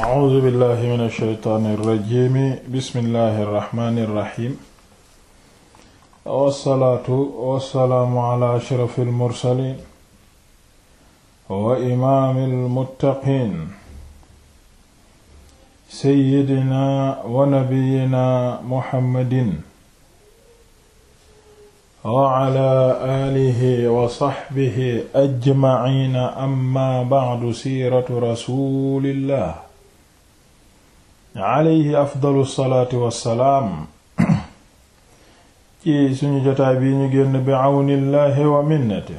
a'uuzu billahi mina shaytaani rajiim bismillahi rahmaani rahiim wassalaatu wassalaamu ala ashrafil mursaliin wa imaamil muttaqiin sayyidina wa nabiyyina muhammadin wa ala aalihi wa saxbihi ajmaciina amma bacdu siiratu rasuulillah alayhi afdalu salaati wassalaam ci suñu jotaay bi ñu génn bi àwnillaahi wa minnati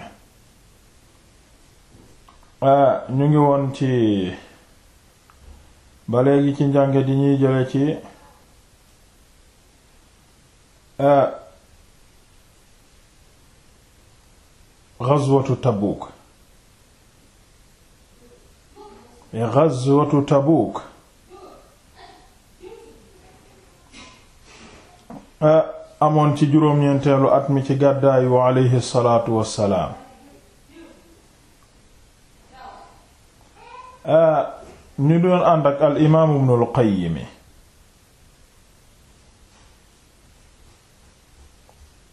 ñu ngi woon ci ba léegi ci njàng di ñuy jële ci a ghazwatu tabuuk ghazwatu tabuuk amoon ci juróom-ñeenteelu at mi ci gàddaay yu salaatu wassalaam ñu doon ànd ak al imaam ibnul qayyim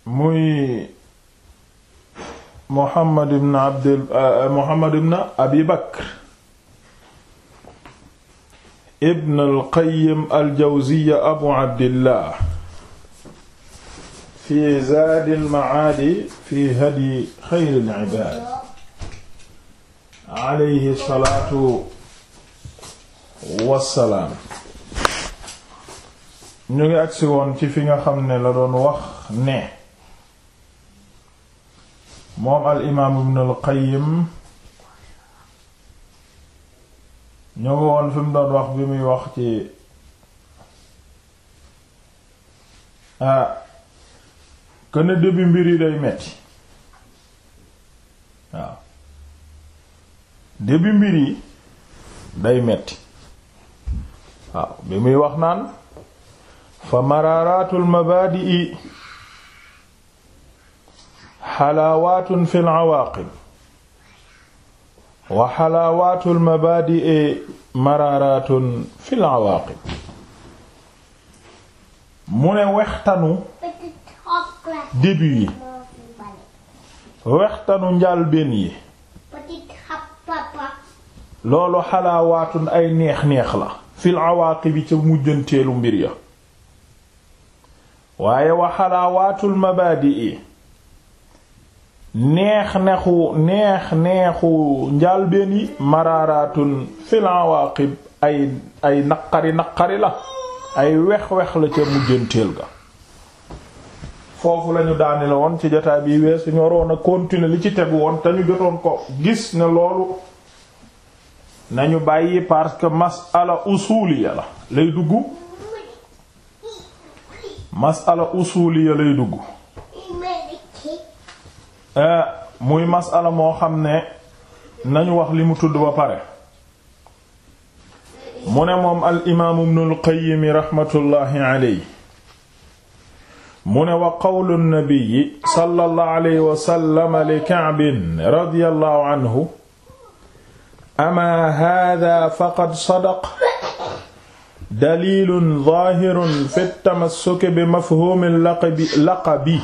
muy Muhammad ibn Abi Bakr ibn al qayyim al jawziyya abu abdillah fi zaadi almacaadi fi hadyi xayri alcibaad alayhi salaatu wassalaam ñu ngi agsi woon ci fi nga xam ne la doon wax ne moom al imaam al qayyim ñu ngi woon fi doon wax bi muy wax ci ah ne début mbir yi day metti waaw début mbir yi day metti waaw bi muy wax naan fa mararatul mabadi'i xalaawaatun fil awaaqib wa xalaawatul mabadi'i mararaatun fil awaaqib mu ne wextanu début yi wextanu njàlbéen yi loolu xalaawaatun ay neex-neex la fil awaaqibi ca mujjanteelu mbir ya waaye wa xalaawaatul mabaadi'i neex neexu neex neexu njàlbéen yi maraaraatun fil ay ay naqari naqari la ay wex wex la ca mujjanteel ga foofu lañu daanele woon ci jotaay bii weesu ñu waroon continuer li ci tegu woon te ñu jotoon ko gis ne loolu nañu bàyyi parce que masala usuliya la lay dugg lay dugg eh, muy masala moo xam ne nañu wax li mu tudd ba pare mu ne moom al imaamu ibnul qayyim rahmatullahi alayhi mu ne wa qawlu nabii sallallahu alayhi wa sallam li Ka'bin radiyallahu anhu amaa haadaa faqad sadaq daliilun zaahirun fi tamassuki bi mafhuumi laqabi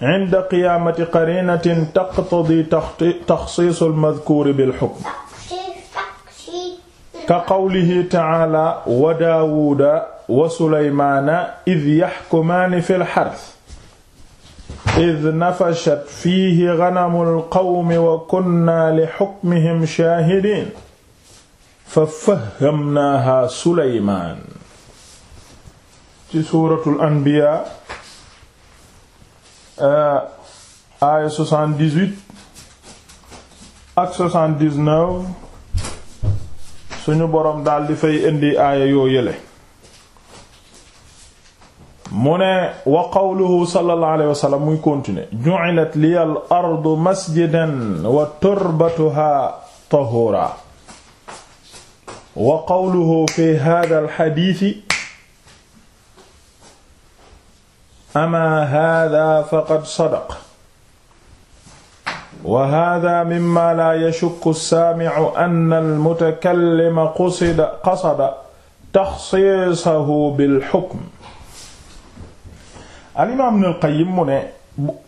inda qiyaamati qariinatin taqtadii taxsiisul mazkuuri bil hukm ka qawlihi ta'aalaa wa Daawuuda wa suleymaana id yaxkumaani fi lxars id nafashat fiihi ganamu lqawmi wa kunna li xukmihim shaahidiin fa fahamnaaha suleymaan ci suuratul anbiyaa aaya 78 ak 79 suñu boroom daldi fay indi aaya yoo yële mu ne wa qawluhu sallallahu alayhi wa sallam muy continuer ju'ilat liya al ardu masjidan wa turbatuha tahura wa qawluhu fi hadha al hadith ama hadha faqad sadaq wa hadha mimma la yashukku as-sami'u anna al-mutakallima qasada qasada takhsisahu bil hukm al imaam Ibnul Qayyim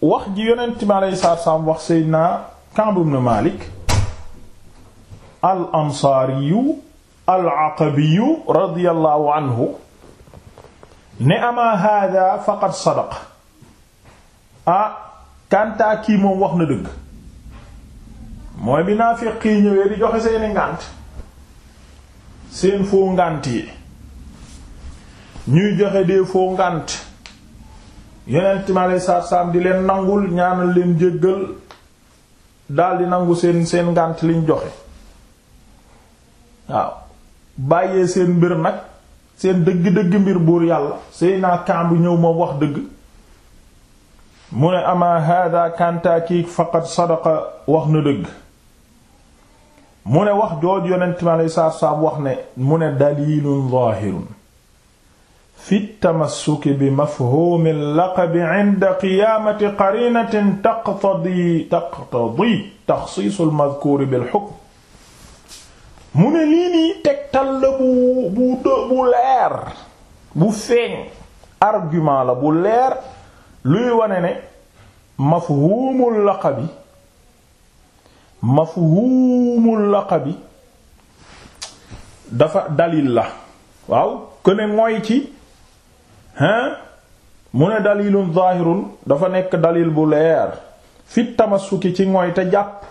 wax ji yonent bi alayhi salaatu salaam wax Seydina Ka'b ibn Maalik al ansaariyu al aqabiyu radiyallahu anhu ne amaa haadaa faqad sadaq ah kantaa kii moom wax na dëgg mooy bi naafiq ñëwee di joxe seeni ngànt seen foo ngànt yi ñuy joxe des foo ngànt yonent mi aleyhi salaatu di leen nangul ñaanal leen jéggal daldi nangu seen seen ngànt liñ joxe waaw bàyyee seen mbir nag seen dëgg-dëgg mbir buur yàlla seen naa kamb ñëw moom wax dëgg mu ne ama hada kanta kii sadaqa wax na dëgg mu ne wax jooj yonent mi aleyhi salaatu wax ne mu ne dalilun zaahirun fi tamassuki bi mafhumi laqabi inda qiyaamati qarinatin taqtadi taqtadi taxsiisu lmadkuuri bilxukm mu ne lii nii tegtal la bu bu bu leer bu feeñ argument la bu leer luy wane ne mafhumul laqabi mafhumul laqabi dafa dalil la waaw kon ne mooy ci hein mu ne dalilun zaahirun dafa nekk dalil bu leer fi tamassuki ci mooy te jàpp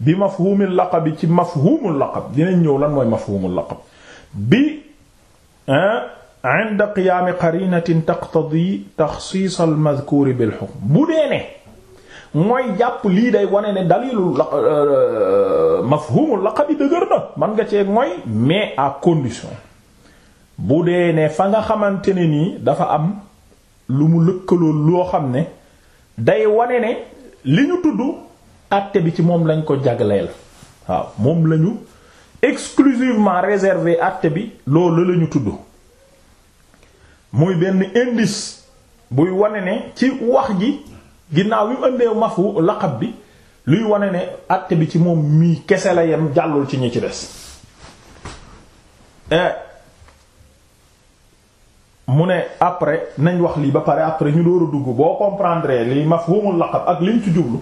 bi mafhumil laqabi ci mafhumul laqab dinañ ñëw lan mooy mafhumul laqab bi inda qiyaami qarinatin taqtadi taxsiis al madhkuur bil hukm bu dee ne mooy jàpp lii day wane ne dalilu euh, mafhumul laqabi dëgër na man nga cee mooy mais à condition bu dee ne fa nga xamante ne nii dafa am lu mu lëkkaloo loo xam ne day wane ne li ñu tudd àtte bi ci moom lañ ko jagleel waaw moom lañu exclusivement réservé àtte bi loolu la ñu tudd muy benn indice buy wane ne ci wax ji ginnaaw yu ëndee mafu laqab bi luy wane ne àtte bi ci moom mii kese la yam jàllul ci ñu ci des. Eh, mu ne après nañ wax lii ba pare après ñu door dugg boo comprendre li mafhumul laqab ak liñ ci jublu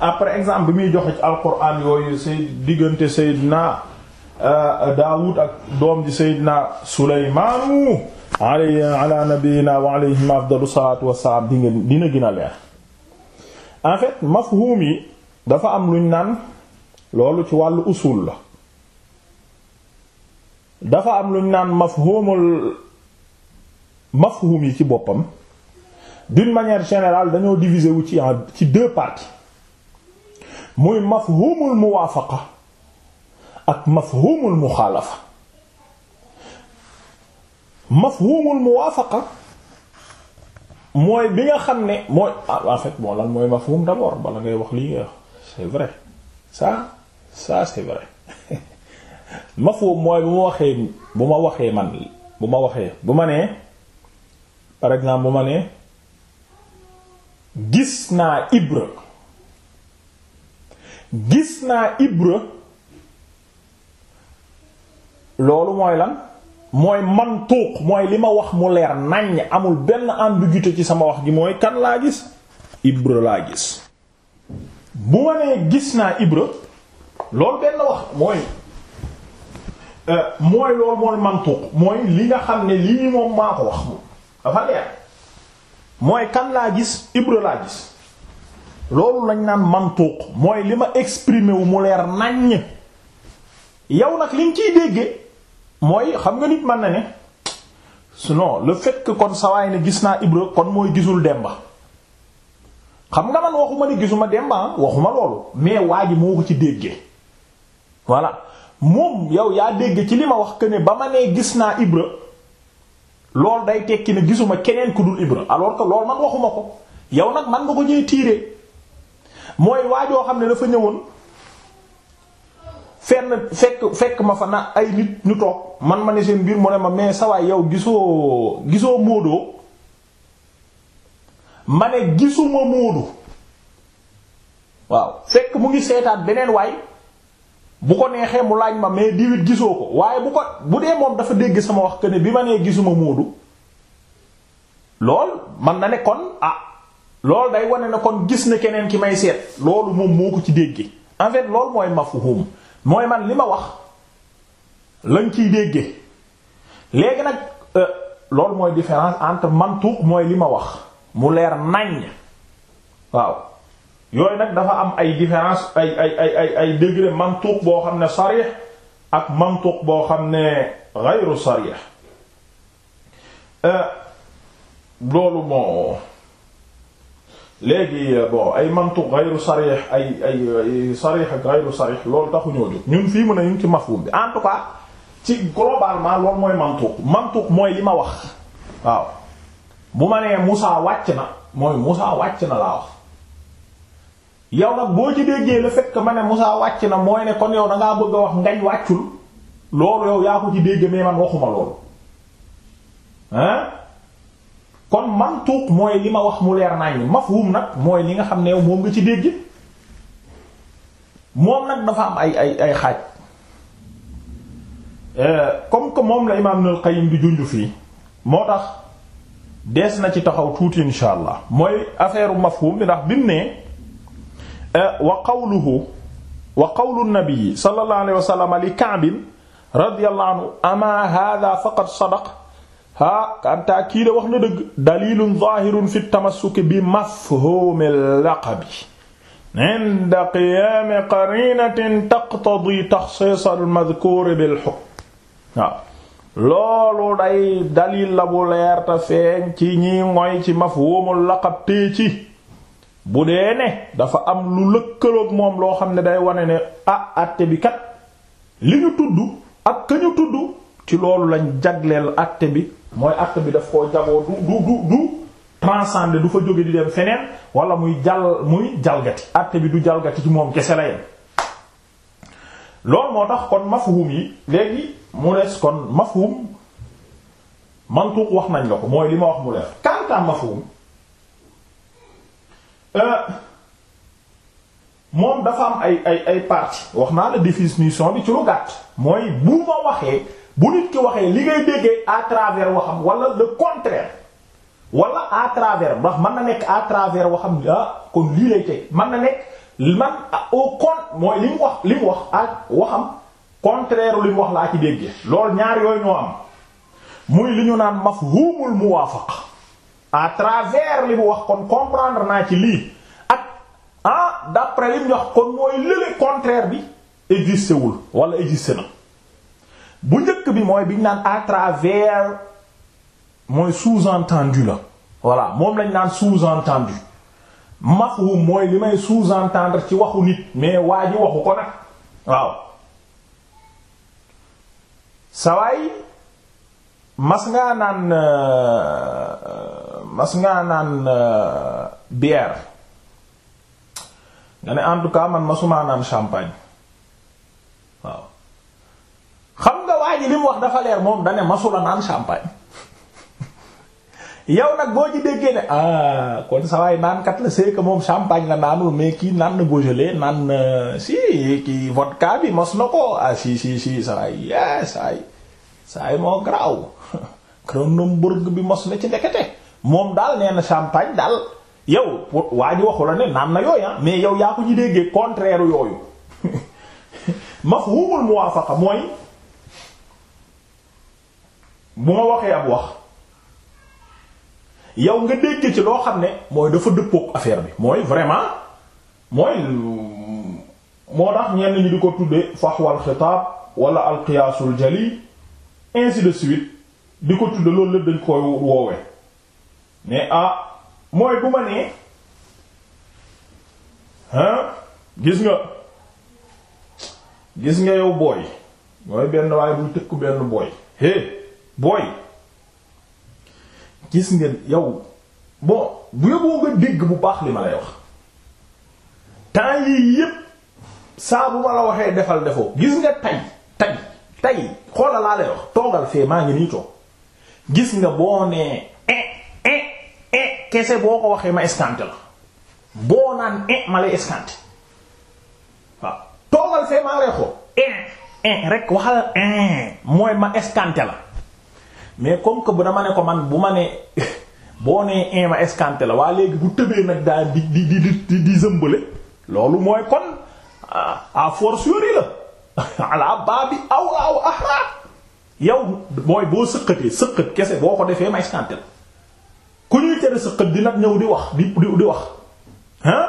après exemple bi muy joxe ci alquran yooyu say diggante Seydina euh, Daawud ak doom ji Seydina Suleymaanu alayhi ala nabiyyina wa alayhim afdalu salaatu wassalaam di nga dina gën leer en fait mafhum yi dafa am luñ naan loolu ci wàllu usul la dafa am luñ naan mafhumul mafhum yi ci boppam d'une manière générale dañoo divisé wu ci en ci deux parties muy mafhumul muwaafaqa ak mafhumul muxaalafa mafhumul muwaafaqa mooy bi nga xam ne mooy ah, en fait la mooy mafhum d'abord bala ngay wax lii nga wax c'est vrai ça ça c'est vrai mafhum mooy bu ma waxee bu ma waxee man bu ma waxee bu ma nee par exemple bu ma nee gis naa Ibra gis naa Ibra loolu mooy lan mooy mantuuq mooy li ma wax mu leer naññ amul benn ambiguïté ci sama wax gi mooy kan laa gis Ibra laa gis bu ma nee gis naa Ibra loolu benn wax mooy euh, mooy loolu mooy mantuuq mooy li nga xam ne lii moom maa ko wax moom dafa leer mooy kan laa gis Ibra laa gis loolu lañ naan mantuuq mooy li ma exprimer wu mu leer naññ yow nag liñ ciy déggee mooy xam nga nit man na ne sinon le fekk kon sawaay ne gis naa Ibra kon mooy gisul Demba xam nga man waxuma ne gisuma Demba waxuma loolu mais waa ji moo ko ci déggee voilà moom yow yaa dégg ci li ma wax que ba ma nee gis naa Ibra loolu day tekki ne gisuma keneen ku dul Ibra alors que loolu man waxuma ko yow nag man nga ko ñëwee tiire mooy waajoo xam ne dafa ñëwoon fenn fekk fekk ma fa na ay nit ñu toog man ma ne seen mbir mu ne ma mais sawaay yow gisoo gisoo Moodu ma ne gisuma Moodu waaw fekk mu ngi seetaat beneen waay. bu ko neexee mu laaj ma mais diwit gisoo ko waaye bu ko bu dee moom dafa dégg sama wax que bi ma nee gisuma Moodu lool man na ne kon ah loolu day wane ne kon gis na keneen ki may seet loolu moom moo ko ci dégge en fait loolu mooy mafhum mooy man li ma wax lañ ciy dégge léegi nag euh, loolu mooy différence entre mantuq mooy li ma wax mu leer naññ waaw yooy nag dafa am ay différence ay ay ay ay ay degré mantuq boo xam ne sarih ak mantuq boo xam ne ghayru sarih euh, loolu moo léegi bon ay mantuq ghayru sarih ay ay sarih ak ghayru sarih loolu taxuñoo jóg ñun fii mën a ñu ci mafhum bi en tout cas ci globalement loolu mooy mantuq mantuq mooy li ma wax waaw bu ma nee Musaa wàcc na mooy Musaa wàcc na laa wax yow nag boo ci déggee la fekk que ma ne Moussa wàcc na mooy ne kon yow da ngaa bëgg a wax ngañ wàccul loolu yow yaa ko ci dégg mais man waxuma loolu hein kon man tuuq mooy li ma wax mu leer nañ mafhum nag mooy li nga xam ne yow moom nga ci dégg moom nag dafa am ay ay ay xaaj euh, comme que moom la imaam Ibnul Qayyim di junj fii moo tax dees na ci taxaw tuuti insha allah mooy affaire mafhum bi ndax bi mu ne Eh, wa qawluhu wa qawlu nabii sallallahu alayhi wa sallam li Kaabin radiyallahu anhu ama hada faqad sadaq ah Kantaa kii de wax na dëgg dalilun zaahirun fi tamassuki bi mafhuumi laqabi inda qiyaami qariinatin taqtadii taxsiis al-madkuuri bil hukm waaw loolu day dalil la bu leer te feeñ ci ñi mooy ci mafhuumul laqab tee ci. bu dee ne dafa am lu lëkkaloog moom loo xam ne day wane ne ah àtte bi kat li ñu tudd ak ka ñu tudd ci loolu lañ jagleel àtte bi mooy àtte bi daf koo jagoo du du du du du fa jóge di dem feneen wala muy jàll muy jalgati àtte bi du jalgati ci moom kese la yem loolu moo tax kon mafhum yi léegi mu des kon mafhum mantuq wax nañ la ko mooy li ma wax mu leer quant à Euh, moom dafa am ay ay ay parti wax naa la définition bi ci lu gàtt mooy bu ma waxee bu nit ki waxee li ngay déggee à travers waxam wala le contraire wala à travers ndax mën na nekk à travers waxam ah kon lii lay teg mën na nekk man ah, au con mooy li mu wax li mu wax ak waxam contraire li wax laa ci déggee loolu ñaar yooyu ñoo am muy li ñu naan mafhumul muwaafaq à travers li mu wax kon comprendre naa ci lii ak ah d'après li mu wax kon mooy lële contraire bi existé wul wala existé na bu njëkk bi mooy biñ naan à travers mooy sous-entendu la voilà moom lañ naan sous-entendu en mafhum mooy li may sous en tendre ci waxu nit mais waa ji waxu ko nag waaw sawaay mas ngaa naan euh, mas ngaa naan euh, bière nga ne en tout cas man masumaa naan champagne waaw xam nga waa ji wax dafa leer moom dane masula naan champagne yow nag boo ci déggee ne ah, kon sawaay naankat la c'est moom champagne la naanul mais kii naan na beaujolais naan na euh, si kii vodka bi mos na ko ah si si sawaay yaa sawaay sawaay moo garaaw Kronenbourg bi mos na ci ndekete moom daal nee champagne daal yow waa ji waxu la ne naan na yooya ah, mais yow yaa ko ci déggee contraire yooyu mafhumul muwaafaqa mooy bu ma waxee ab wax yow nga dégg ci loo xam ne mooy dafa dëppook affaire bi mooy vraiment mooy moo tax ñenn ñi di ko tuddee faxwal xitaab wala alqiyaasul jali ainsi de suite di ko tudde loolu lépp dañ koy woowee mais ah mooy bu ma nee ah gis nga gis nga yow booy mooy benn waaye bu tëkku benn booy hé booy gis nga yow bon bu yóbboo nga dégg bu baax li ma lay wax temps yii yépp saa bu ma la waxee defal defoo gis nga tay tay tay xoolal laa lay wax toogal fee maa ngi nii toog gis nga boo nee eh, e kese boo ko waxee ma escanté la boo naan e ma lay escanté waaw toogal fee maa lay xool e, e rek waxal e mooy ma escanté la mais comme que bu dama ne ko man bu ma ne boo nee e ma escanté la waa léegi bu tëbee nag daal di di di di di zëmbale loolu mooy kon à fortiori la ala bi aw aw ahra yow mooy boo sëqatee sëqat kese boo ko defee ma escanté la ku ñuy tere sa dina di ñëw di wax di di wax ah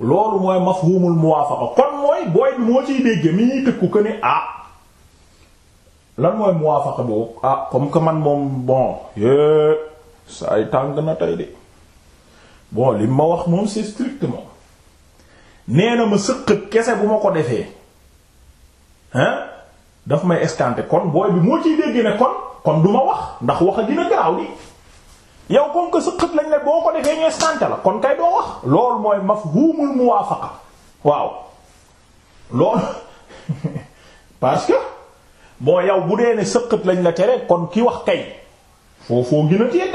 loolu mooy mafhumul muwaafaqa kon mooy booy bi moo ciy dégg mi ñuy tëkku ko ne ah lan mooy muwaafaqa boobu ah comme que man moom bon yee sa ay tàng na tey de bon li ma wax moom c'est strictement nee na ma sëqët kese bu ma ko defee hein dafa may escanter kon booy bi moo ciy dégg ne kon kon du ma wax ndax wax a gën garaaw li yow comme sa xët lañ boo ko defee ñees tànte la kon kay doo wax loolu waaw loolu que bon yow bu lañ la tere kon ki wax kay foo foo gën a téye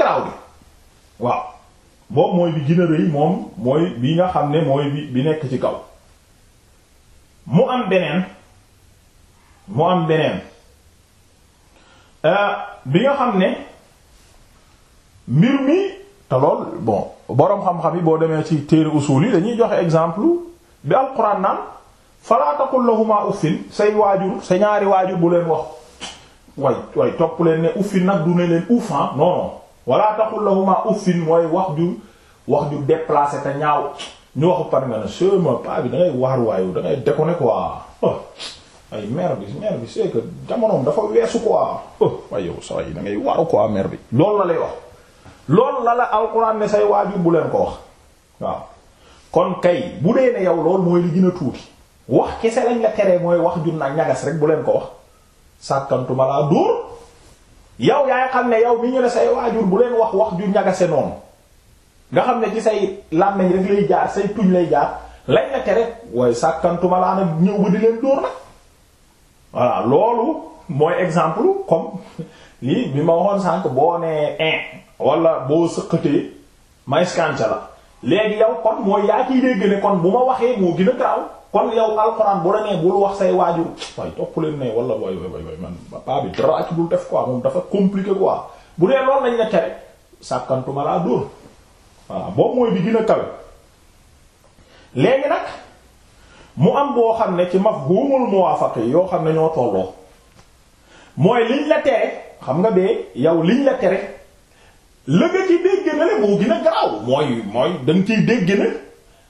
boobu mooy bi gën rëy moom mooy bi nga xam ne mooy bi bi nekk ci kaw mu am beneen mu am beneen euh, bi nga xam ne. mbir mi te lool bon boroom xam-xam yi boo demee ci téere usul yi dañuy joxe exemple bi alquran naan fala taqul lahuma uffin say waajur sa ñaari waajur bu leen wax way way topp leen ne uffin nag du ne leen uffan ah, non non wala taqul lahuma uffin mooy wax ju wax ju déplacé te ñaaw ñu waxu par nga ne seulement pas bi da ngay waar waayu da ngay ko quoi oh, ay mère bi mère bi c'est que jamonoom dafa weesu ko oh waaye yow saa yi da waaru quoi mère bi loolu la lay wax. loolu la la alxuraan ne say waajur bu leen ko wax waaw kon kay bu dee ne yow loolu mooy li gën a tuuti wax kese lañ la teree mooy wax jur nag ñagas rek bu leen ko wax sàkkantuma laa dóor yow yaay xam ne yow mi ñu ne say waajur bu leen wax wax ju ñagase noonu nga xam ne ci say làmmeñ rek lay jaar say tuñ lay jaar lañ la tere waaye sàkkantuma laa nag ñëw ba di leen dóor nag voilà loolu mooy exemple comme lii bi ma waxoon sànk boo nee un wala boo sëqatee maïskànca la léegi yow kon mooy yaa ciy dégg ne kon bu ma waxee moo gën a kon yow alxuraan bu la nee bul wax say waajur waaye topp leen ne wala way way way man paa bi dara ci dul def quoi moom dafa compliqué quoi bu dee loolu lañ la tere sàkkantuma laa dóor voilà boobu mooy bi gën a kawe léegi nag mu am boo xam ne ci mafhumul muwaafaq yi yoo xam ne ñoo tolloo mooy liñ la tere xam nga bee yow liñ la tere la nga ci dégg na le moo gën a garaaw mooy mooy dañ ciy dégg na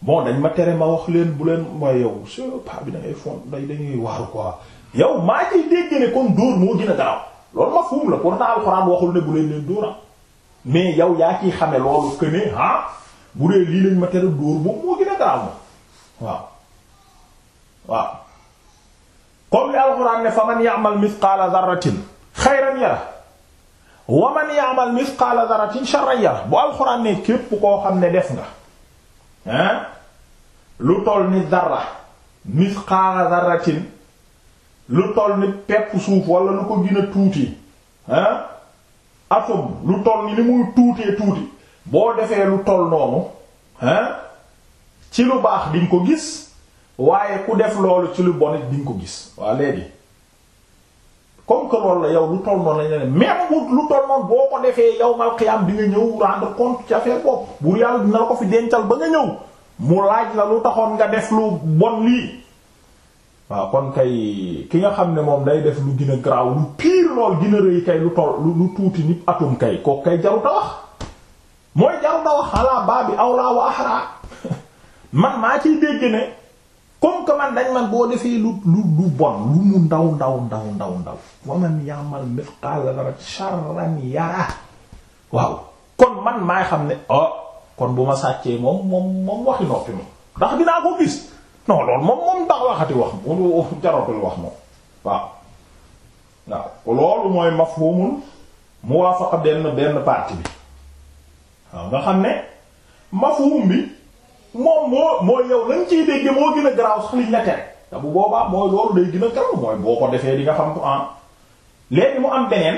bon dañ ma tere ma wax leen bu leen mooy yow se pa bi da ngay fon day dañuy waaru quoi yow maa ciy dégg ne kon dóor moo gën a garaaw loolu ma fuum la pourtant alxuraan waxul ne bu leen leen dóora mais yow yaa ciy xame loolu que ne ah bu dee lii lañ ma tere dóor boobu moo gën a garaaw moom waaw waaw comme li alxuraan ne fa man ya'mal mithqala dharratin xayran yara wa man ya'mal mithqala dharratin sharran yarah bu alxuraan ne képp koo xam ne def nga hein lu toll ni dara mithqala dharratin lu toll ni pepp suuf wala lu ko gën tuuti hein atom lu toll ni li muy tuutee tuuti boo defee lu toll noonu hein ci lu baax di nga ko gis waaye ku def loolu ci lu bonit di nga ko gis waa léegi comme que loolu la yaw lu toll noonu lañ ne même bu lu toll noonu boo ko defee yow mal xiyaam di nga ñëw rendre compte ci affaire bopp bu yàlla dina la ko fi dencal ba nga ñëw mu laaj la lu taxoon nga def lu bon lii waaw kon kay ki nga xam ne moom day def lu gën a garaaw lu pire lool gën a rëy kay lu toll lu tuuti nit atum kay ko kay jaruta wax mooy jaruta wax ala baa bi aw laa wa axraa man maa ciy dégg ne comme que man dañ man boo defee lu lu lu bon lu mu ndaw ndaw ndaw ndaw ndaw waman ya'mal mithqala dharratin sharran yara waaw kon man maay xam ne oh kon bu ma sàccee moom moom moom waxi noppi moom ndax dinaa ko gis non loolu moom moom ndax waxati wax moom wax moom waaw waaw loolu mooy mafhumul muwaafaqa benn benn partie bi waaw nga xam ne mafhum bi moom moo mooy yow lañ ciy dégg moo gën a garaaw liñ la tere te bu boobaa moo loolu day gën a mooy boo ko defee di nga xam ko ah léegi mu am beneen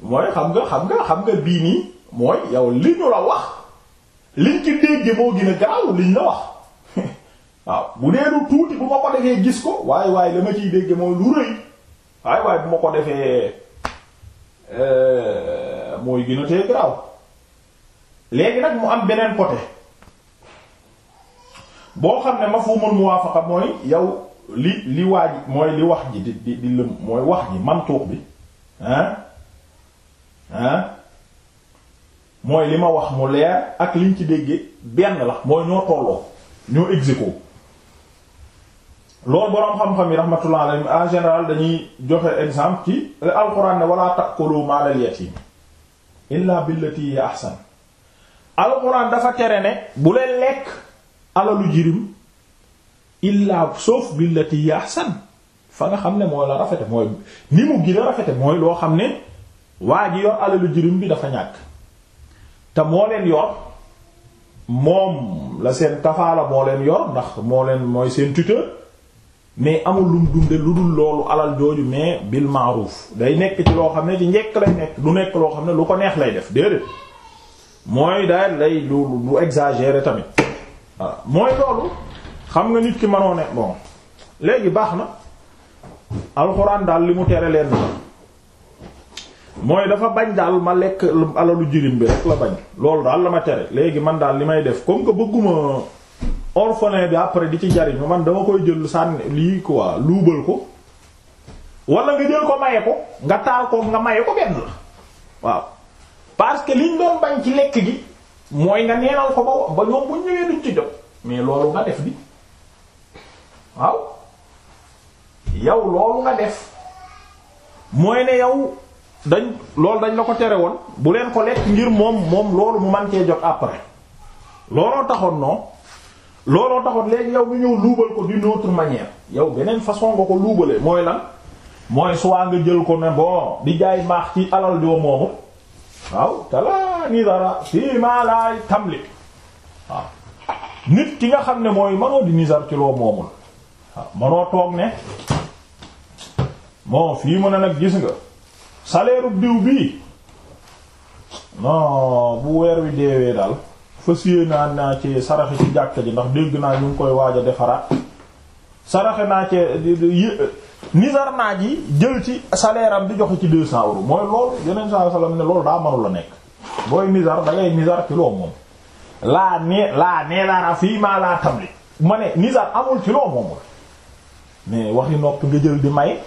mooy xam nga xam nga xam nga bii nii mooy yow li ñu la wax liñ ci dégg moo gën a liñ la wax waaw bu dee lu tuuti bu ma ko defee gis ko waaye waaye la ciy dégg mooy lu rëy waaye waaye bu ma ko defee euh, mooy gën a tee léegi nag mu am beneen côté boo xam ne mafhumul muwaafaqa mooy yow li li waaj mooy li wax ji di di di mooy wax ji mantuux bi ah ah mooy li ma wax mu leer ak liñ ci déggee benn la mooy ñoo tolloo ñoo exéco loolu boroom xam-xam yi rahmatullah alayhi en général dañuy joxe exemple ci alquran ne wala taqulu maalal yatim illa billati hiya ahsan alxuraan dafa tere ne bu leen lekk alalu jirim illaa sauf billati yaxsan fa nga xam ne mooy la rafete mooy ni mu gën rafete mooy loo xam ne waa ji yor alalu jirim bi dafa ñàkk te moo leen yor moom la seen kafaala moo leen yor ndax moo leen mooy seen tuteur mais amul lum dunde lu dul loolu alal jooju mais bil ma'ruf day nekk ci loo xam ne ci njekk lay nekk du nekk loo xam ne lu ko neex lay def déedéet mooy daal lay loolu du exagéré tamit mooy loolu xam nga nit ki mënoo ne bon léegi baax na alxuraan daal li mu tere leen la mooy dafa bañ daal ma lekk alalu jirim bi rek la bañ loolu daal la tere léegi man daal li may def comme que bëgguma orphelin bi après di ci jariñu man dama koy jël sànni lii quoi luubal ko wala nga jël ko maye ko nga taal ko nga maye ko benn la waaw parce que liñ doon bañ ci lekk gi mooy nga neenal ko ba ba ñoom bu ñëwee duñ ci jot mais loolu nga def bi waaw yow loolu nga def mooy ne yow dañ loolu dañ la ko tere woon bu leen ko lekk ngir moom moom loolu mu man cee jot après looloo taxoon non looloo taxoon léegi yow bu ñëw luubal ko d'une autre manière yow beneen façon nga ko luubalee mooy lan mooy soit nga jël ko ne bon di jaay maax ci alal joo moomu waaw talaa nizara fii maa laa tamlik waaw nit ki nga xam ne mooy manoo di nizar ci loo moomul waaw toog ne bon fii mu ne nag gis nga salaire ub diw bii non bu weer wi deewee daal fas yéenaa naa ci saraxe ci jàkka ji ndax dégg naa ñu ngi koy waaj a defaraat saraxe naa ci nizar naa ji jël ci saleeram am di joxe ci deux cents euros mooy loolu yeneen saa salaam ne loolu daa mënul nekk booy nizar da ngay nizar ci moom laa nee laa nee fii maa laa tabli ma ne nizar amul ci loo moomul mais waxi noppi nga jël di may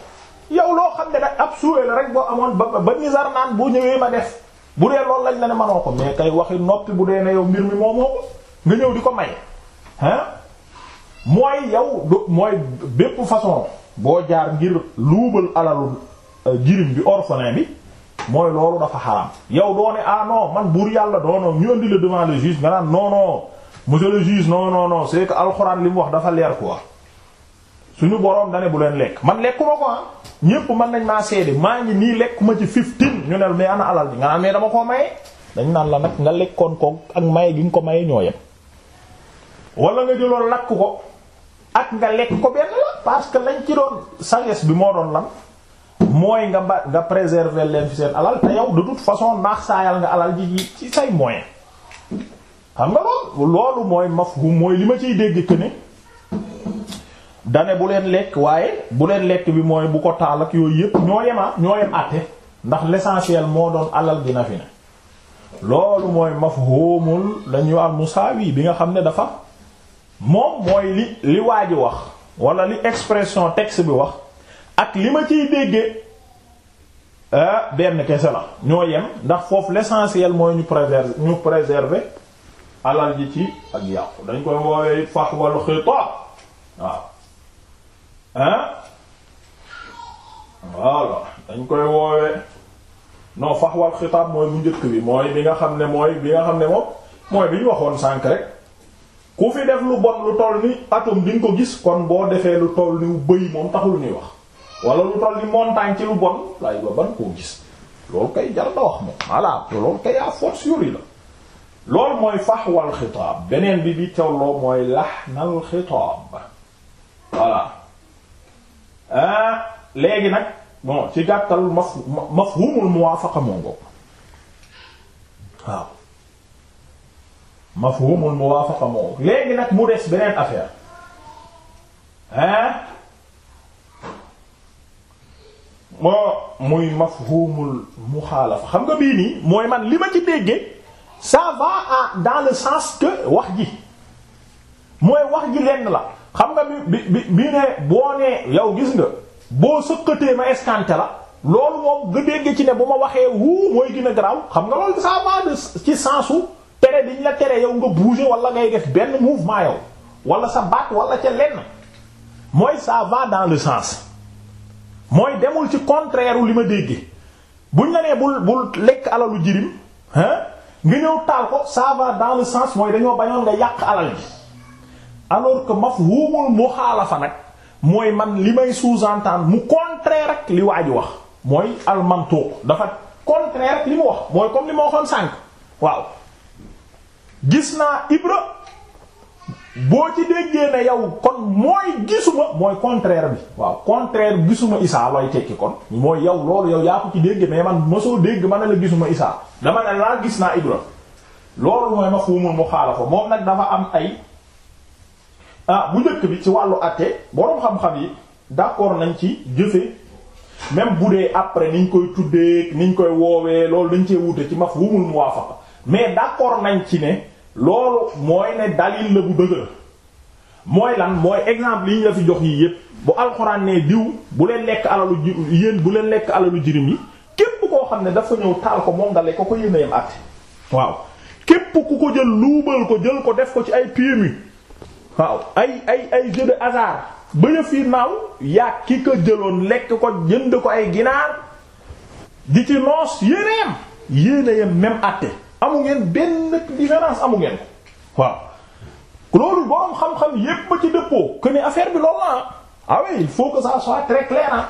yow loo xam ne nag ab suwee rek boo amoon ba ba nizar naan boo ñëwee ma def bu dee loolu lañ la ne manoo ko mais kay waxi noppi bu dee ne yow mbir mi moomoo nga ñëw di ko may ah mooy yow mooy bépp façon. boo jaar ngir luubal alalu euh, jirim bi orphelin bi mooy loolu dafa xaraam yow doo ne ah no man buur yàlla non non ñu andi le devant le juge nga naan non non monsieur le juge non alxuraan li mu wax dafa leer quoi suñu boroom dane bu leen lekk man lekkuma ko ah ñépp mën nañ naa seede maa ngi nii lekkuma ci fifteen ñu ne mais ana alal bi nga naan mais dama koo maye. dañ naan la nag nga lekkoon ko ak maye gi nga ko maye ñoo yem wala nga jëloon ak nga lekk ko benn la parce que lañ ci doon sagesse bi moo doon lan mooy nga ba nga préserver leen fi seen alal te yow de toute façon naax saayal nga alal ji ci say moyen xam nga loolu loolu mooy mafhum mooy li ma ciy dégg que ne bu leen lekk waaye bu leen lekk bi mooy bu ko taal ak yooyu yëpp ñoo yema ah, ñoo yem àtte ndax l'essentiel moo doon alal gi na fi ne loolu mooy mafhumul lañuy al musaawi bi nga xam ne dafa moom mooy li li waa ji wax walla li expression texte bi wax ak li ma ciy déggee ah, benn kese la ñoo yem ndax foofu l'essentiel mooy ñu préserver ñu préserver alal ji ci ak yàqu dañ koy woowee faxwal xitaab waaw hein voilà dañ koy woowee noo faxwal xitaab mooy bu njëkk bi mooy bi nga xam ne mooy bi nga xam ne moom mooy bi ñu waxoon sànk ku fi def lu bon lu toll ni atom di nga ko gis kon boo defee lu toll ni bëy moom taxul ñuy wax wala lu toll ni montagne ci lu bon lay ba ban koo gis loolu kay jar na wax moom voilà loolu kay à force yori la loolu mooy faxwal xitaab beneen bi bi tewloo mooy laxnal xitaab voilà ah léegi nag bon ci gàttal maf mafhumul muwaafaqa moo ngo waaw mafhumul muwaafaqa moom léegi nag mu des beneen affaire hein moo muy mafhumul muxaalafa xam nga bii nii mooy man li ma ci déggee ça va à dans le sens que wax ji mooy wax ji lenn la xam nga bi bi bi ne boo nee yow gis nga boo sëqatee ma escanté la loolu moom nga dégg ci ne bu ma waxee wuu mooy gën a xam nga loolu ça va ci sensu tere diñ la tere yow nga bouger wala ngay def benn mouvement yow wala sa baat wala ca lenn mooy ça dans le sens mooy demul ci contraire li ma déggee buñ la nee bul bul lekk alalu jirim hein nga ñëw taal ko ça dans le sens mooy dañoo bañoon nga yàq alal ji alors que mafhumul fa nag mooy man li may sous-entendre mu contraire ak li waa ji wax mooy almantuq dafa contraire ak li mu wax mooy comme li ma waxoon sànq waaw. gis naa ibra boo ci déggee ne yow kon mooy gisuma mooy contraire bi waaw contraire gisuma isaa looy tekki kon mooy yow loolu yow yaa ko ci dégg mais man soo dégg ma ne la gisuma isaa dama ne gis naa ibra loolu mooy ma xuumul mu xaalafa moom nag dafa am ay ah bu njëkk bi ci wàllu àtte boroom xam-xam yi d'accord nañ ci jëfe même bu dee après niñ koy tuddee niñ koy woowee loolu dañ cee wute ci mafhumul muwaafaqa mais d'accord nañ ci ne loolu mooy ne dalil la bu dëgër mooy lan mooy exemple yi ñu la fi jox yi yépp bu alxuraan ne diw bu leen lekk alalu ji yéen bu leen lekk alalu jirim yi képp koo xam ne dafa ñëw taal ko moom nga lekk ko ko yéen a yem àtte waaw képp ku ko jël ko jël ko def ko ci ay PMU waaw ay ay ay jeu de hasard ba yëf ko jëloon lekk ko jënd ko ay ginaar di ci noos yéen a yem yéen a àtte amu ngeen benn différence amu ngeen ko waaw loolu borom xam-xam yépp ba ci dëppoo que ne affaire bi loolu la ah, ah oui il faut que ça soit très clair ah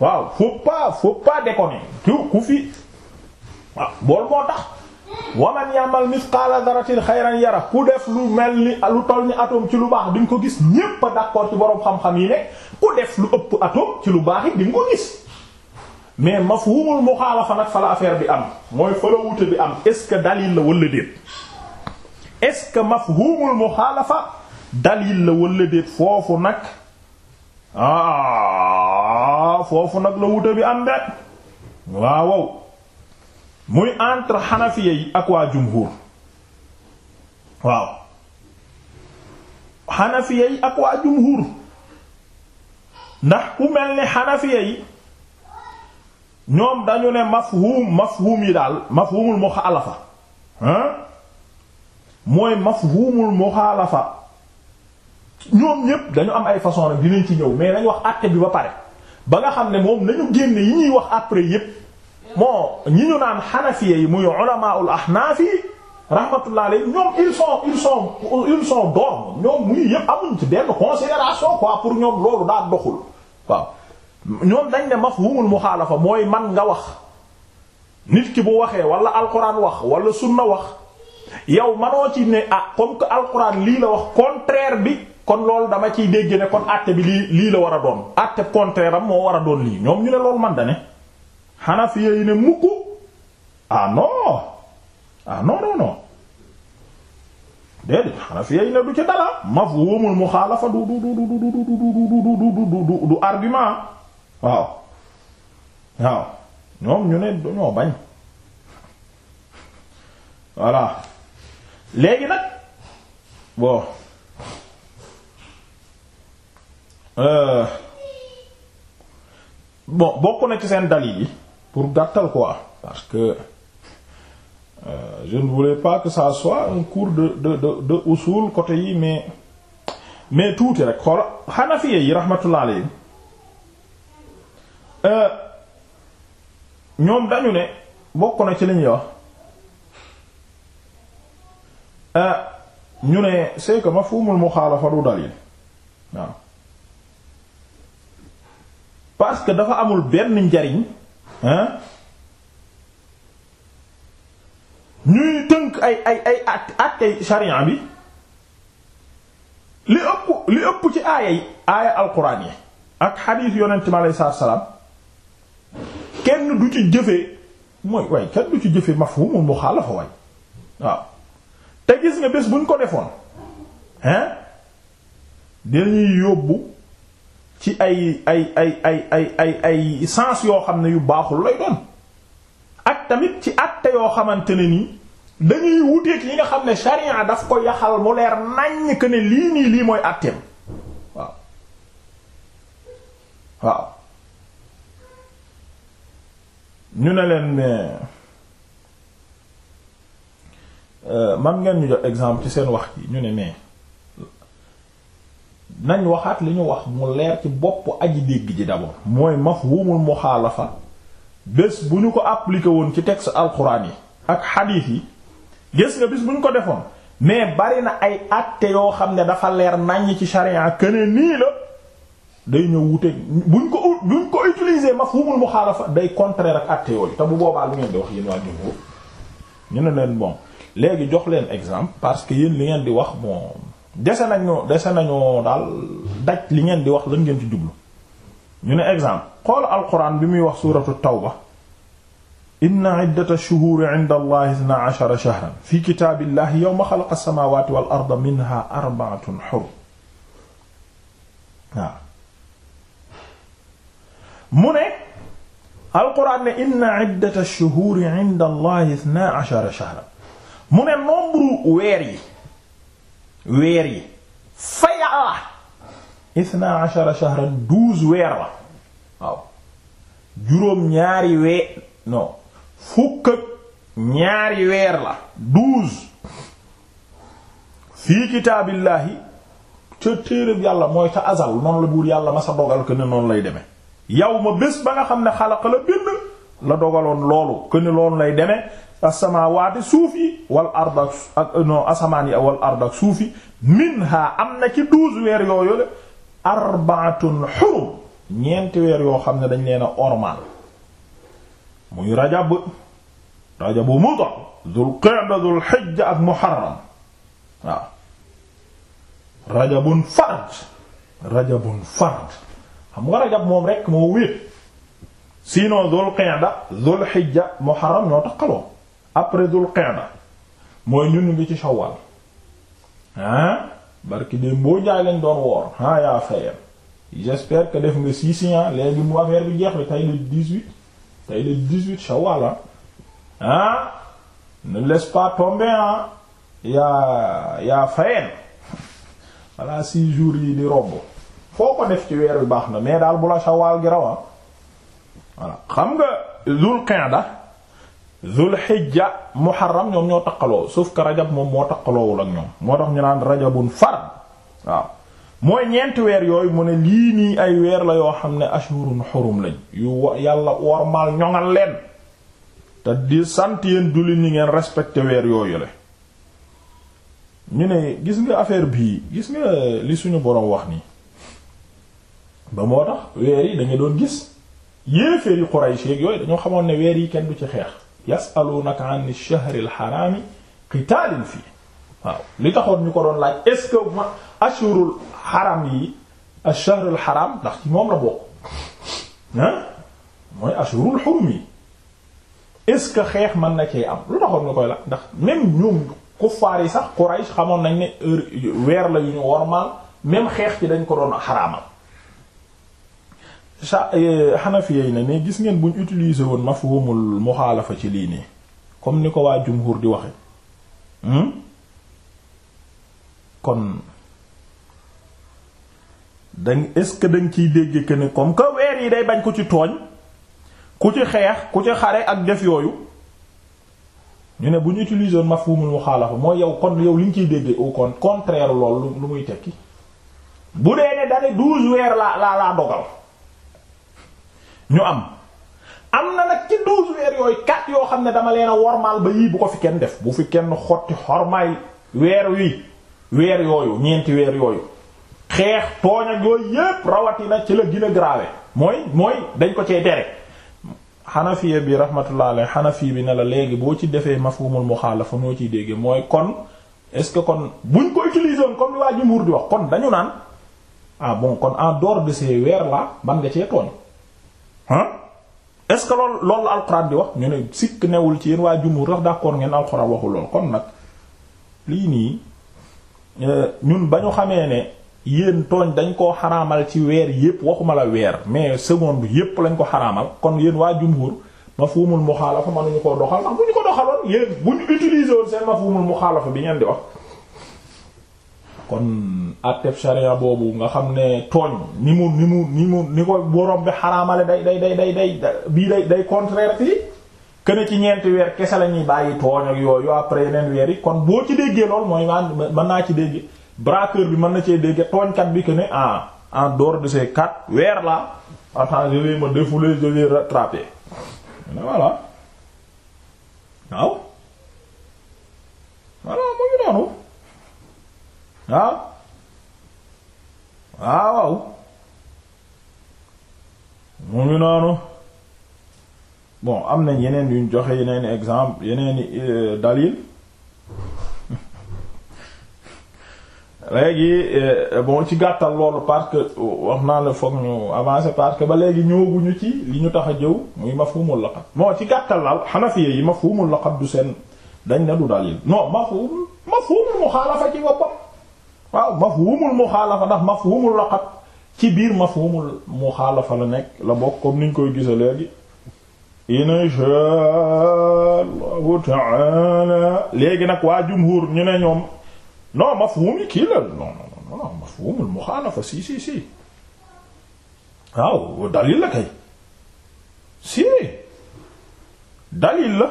waaw faut pas faut pas déconner ku fi bool moo tax waman yamal misqala daratin xayran yara ku def lu mel ni lu toll ni atome ci lu baax di nga ko gis ñépp a d'accord ci borom xam-xam yi ne ku def lu ëpp atome ci lu baax it di nga ko gis mais mafhumul muxaalafa nag fa la affaire bi am mooy fa la wute bi am est-ce que dalil la wala déet est-ce que mafhumul muxaalafa dalil la wala déet foofu nag ah, foofu nag la wute bi am de waaw muy entre xanafiya yi ak waa jumhur waaw xanafiya yi ak waa jumhur ndax ku mel ni xanafiya yi ñoom dañu ne mafhum mafhum yi daal mafhumul muxaalafa hein mooy mafhumul muxaalafa ñoom ñépp dañu am ay façon nag dinañ ci ñëw mais nañ wax àtte bi ba pare ba nga xam ne moom nañu génne yi ñuy wax après yépp moo ñi ñu naan xanafiya yi muy ulamaul ahnaaf yi rahmatullah alayhi ñoom ils sont ils sont ils sont d'or ñoom muy yépp amuñ ci benn considération quoi pour ñoom loolu daa doxul waaw ñoom dañ ne mafhumul muxaalafa mooy man nga wax nit ki bu waxee wala alquran wax wala sunna wax yow manoo ci ne ah comme que alquran lii la wax contraire bi kon loolu dama ciy dégg ne kon àtte bi lii lii la war a doon àtte contraire am moo war a doon lii ñoom ñu ne loolu man da ne Hanafi yi ne mukk ah non ah non non non déedéet Hanafi yi ne du ci dara mafhumul muxaalafa du du du du du du du du argument. waaw waaw ñoom ñu ne dañoo bañ voilà léegi nag bon euh, bon bokk na ci seen dalil yi pour gàttal quoi parce que euh, je ne voulais pas que ça soit un cours de de de de usul côté yi mais mais tuuti rek xoola Hanafi yi rahmatullah alayhi Euh, ñoom dañu ne bokk na ci li ñuy wax euh, ñu ne c'est que mafhumul muxaalafa du dalil waaw parce que dafa amul benn njariñ hein ñuy tënk ay ay at at ay sharia bi li ëpp li ëpp ci aaya yi aaya alquran yi ak xadiis yonent mi salaam kenn du ci jëfe mooy waaye kenn du ci jëfee mafhumul muxaalafa waay waaw te gis nga bés buñ ko defoon hein dinañuy yóbbu ci ay ay ay ay ay ay ay sens yoo xam ne yu baaxul lay doon ak tamit ci àtte yoo xamante ne nii dañuy wuteeg yi nga xam ne sharia daf ko yaxal mu leer naññ que ne lii nii lii mooy àtteem waaw waaw ñu ne leen mais euh, man ngeen ñu jox exemple ci seen wax ji ñu ne mais nañ waxaat li ñu wax mu leer ci bopp aji dégg ji d'abord mooy ma mafhumul muxaalafa bés bu ñu ko appliqué woon ci texte alquran yi ak xadiis yi gis nga bis bu ñu ko defoon mais bari na ay actes yoo xam ne dafa leer naññ ci sharia këne nii la day ñëw wuteeg buñ ko ut buñ ko utiliser mafhumul muxaalafa day contraire ak acte yooyu te bu boobaa lu ngeen di wax yéen waa jumhur ñu ne leen bon léegi jox leen exemple parce que yéen li ngeen di wax bon dese nañu dese nañu daal daj li ngeen di wax lañ ngeen di jublu ñu ne exemple xool alquran bi muy wax suratu tawba inna iddata shuhuuri inda allahi isna ashara shahran fi kitaabillahi yawma xalaqa as-samaawaati wal arda minha arba'atun hurum waaw mu ne alquran ne inna iddata ash-shuhuri 'inda allahi mu ne nombre weer yi weer yi fa yàlla ithnaa 'ashara weer la waaw juróom ñaari weer non ñaari weer la douze fii kitaabillaahi ca téereb yàlla mooy ca azal noonu la buur yàlla ma sa dogal ko ne noonu lay demee yow ma bés ba nga xam ne xalaqa la bind la dogaloon loolu que loolu lay demee asamaawaati suuf yi wal ard ak non yi wal ard ak suuf minha am na ci douze weer yooyu la arbaatun xurum ñeenti weer yoo xam ne dañ leen a ormal muy rajab rajabu mudar dul qa'da dul hijja ak muharram waaw rajabun fard rajabun fard xam nga rajab moom rek moo wéet sinon dul qa'da dul xijja muharram ñoo taqaloo après dul qa'da mooy ñun ñu ngi ci shawwal ah barki de boo jaay leen doon woor ah yaa fayal j'espère que def nga six ans léegi mu affaire bi jeex bi tey le dix-huit tey le dix-huit shawwal ah ne laisse pas tomber ah yaa yaa fayal voilà six jours yi di robb foo ko def ci weer wi baax na mais daal bu la sawaal gi rawa ah. voilà xam nga zul qa'da zul xijja muharram ñoom ñoo taqaloo sauf que rajab moom moo taqaloowul ak ñoom moo tax ñu naan rajabun fard waaw mooy ñeenti weer yooyu mu ne lii nii ay weer la yoo xam ne ashurun xurum lañ yu yàlla wormaal ñoŋal leen te di sant yéen duli ñi ngeen respecté weer yooyu la ñu ne gis nga affaire bii gis nga li suñu boroom wax nii ba moo tax weer yi doon gis yéeféer yi Quraysh yooyu ñoo xamoon ne weer yi kenn du ci xeex yasalunaka an ash-shahri al-harami qitaalin fii waaw li taxoon ñu ko doon laaj est-ce que ma yi ash-shahrul haram ndax ci moom la bokk mooy ashurul hurum yi est-ce que xeex man na cee am lu taxoon ñu koy laaj ndax même ñoom kuffaar yi sax Quraysh xamoon nañ ne weer la yu ñu wormaal même xeex ci dañ ko doon xaraamal sa xanafiya eh, yi na ne gis ngeen buñ utiliser woon mafhumul muxaalafa ci lii nii comme ni ko waa jumhur di waxe hmm? kon dañ est-ce que dañ ciy dégg que ne comme que weer yi day bañ ku ci tooñ ku ci xeex ku ci xare ak def yooyu ñu ne bu ñu utiliser woon mafhumul muxaalafa mooy yow kon yow li ñu ciy déggee au contraire lool lu muy tekki bu dee ne dane douze weer la la dogal ñu am am na nag ci douze weer yooyu quatre yoo xam ne dama leen a wormaal ba yii bu ko fi kenn def bu fi kenn xotti xormaay weer wi weer yooyu ñeenti weer yooyu xeex tooñ ak yooyu yépp rawatina ci la gën a mooy mooy dañ ko cee tere xanafiya bi rahmatullah alayhi xanafi bi ne la léegi boo ci defee mafhumul muxaalafa noo ciy déggee mooy kon est-ce que kon buñ ko utiliser woon comme li waa jumhur di wax kon dañu naan ah bon kon en dehors de weer là man nga cee tooñ ah est-ce que loolu loolu la alxuraan di wax ñu ne sikk newul ci yéen waa jumhur tax d'accord ngeen alxuraan waxul lool kon nag lii nii euh, ñun ba ñu xamee ne yéen tooñ dañ koo xaraamal ci weer yépp waxuma la weer mais seconde yépp lañ ko xaraamal kon yéen waa jumhur mafhumul muxaalafa mënuñu koo doxal ndax bu ñu ko doxaloon yéen bu ñu utiliser woon seen mafhumul muxaalafa bi ngeen di wax kon atteb sharia boobu nga xam ne tooñ ni mu ni mu ni mu ni ko borom bi xaraamale day day day day day bii day day contraire bi kene ci ñeenti weer kese lañuy bàyyi tooñ ak yooyu après yeneen weer yi kon boo ci déggee lool mooy maa mën naa ci dégg braqueur bi mën na cee dégg tooñkat bi que ne ah en dehors de ces quatre weer là attends je vais me défouler je vais rattraper voilà waaw voilà mu noonu. waaw ah, waaw mu ngi noonu bon am nañ yeneen yuñ joxe yeneen exemple yeneen euh, dalil léegi euh, bon ci gàttal loolu parce que wax naa la foog ñu avancer parce que ba léegi ñu ci li ñu tax a jëw muy mafhumul laqab moo ci gàttal daal hanafiya yi ma mafhumul laqab du seen dañ ne du dalil non mafhum mafhumul muxaalafa ci boppam waaw mafhumul muxaalafa ndax mafhumul laqat ci biir mafhumul muxaalafa la nekk la bokk comme niñ koy gisa léegi inshaa allahu taala léegi nag waa jumhur ñu ne ñoom non mafhum kii la non non non mafhumul muxaalafa si si si waaw dalil la kay si dalil la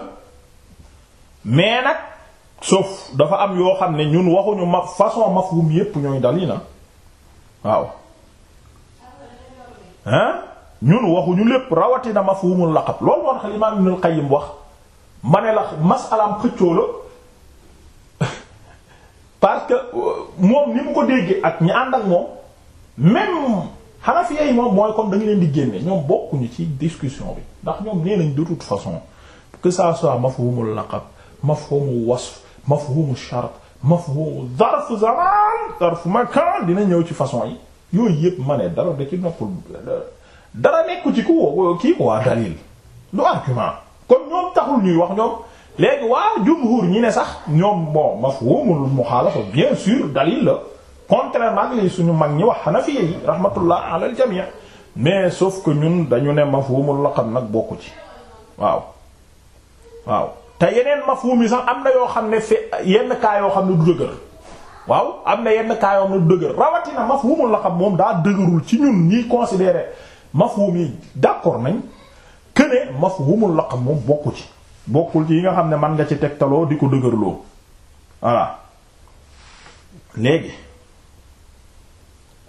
mais nag sauf dafa am yoo xam ne ñun waxuñu ma façon mafhum yépp ñooy dali na waaw hein ñun waxuñu lépp rawatina mafhumul laqab loolu moo tax imaam Ibnul Qayyim wax ma ne la masalaam xëccoo la parce que euh, moom ni mu ko déggee ak ñi ànd ak moom même Hanafiya yi moom mooy comme da nga leen di génne ñoom bokkuñu ci discussion bi ndax ñoom nee nañ de toute façon que ça soit mafhumul laqab mafhumul wasf mafhumu shart mafhumu zarf zaman zarf makan dina ñëw ci façon yi yooyu yëpp ma ne dara da ci noppul dara nekku ci ku kii quoi dalil du argument kon ñoom taxul ñuy wax ñoom léegi waa jumhur ñi ne sax ñoom bon mafhumul muxaalafa bien sûr dalil la contrairement ak suñu mag ñi wax Hanafi yi rahmatullah ala al mais sauf ko ñun dañu ne mafhumul laqab nag bokku ci waaw waaw te yeneen mafhum yi sax am na yoo xam ne fe yenn kaa yoo xam ne du dëgër waaw am na yenn kaa xam ne du dëgër rawatina mafhumul moom daa dëgërul ci ñun ñiy considérer mafhum yi d'accord nañ que ne mafhumul moom bokku ci bokkul ci yi nga xam ne man nga ci tegtaloo di ko dëgërloo voilà léegi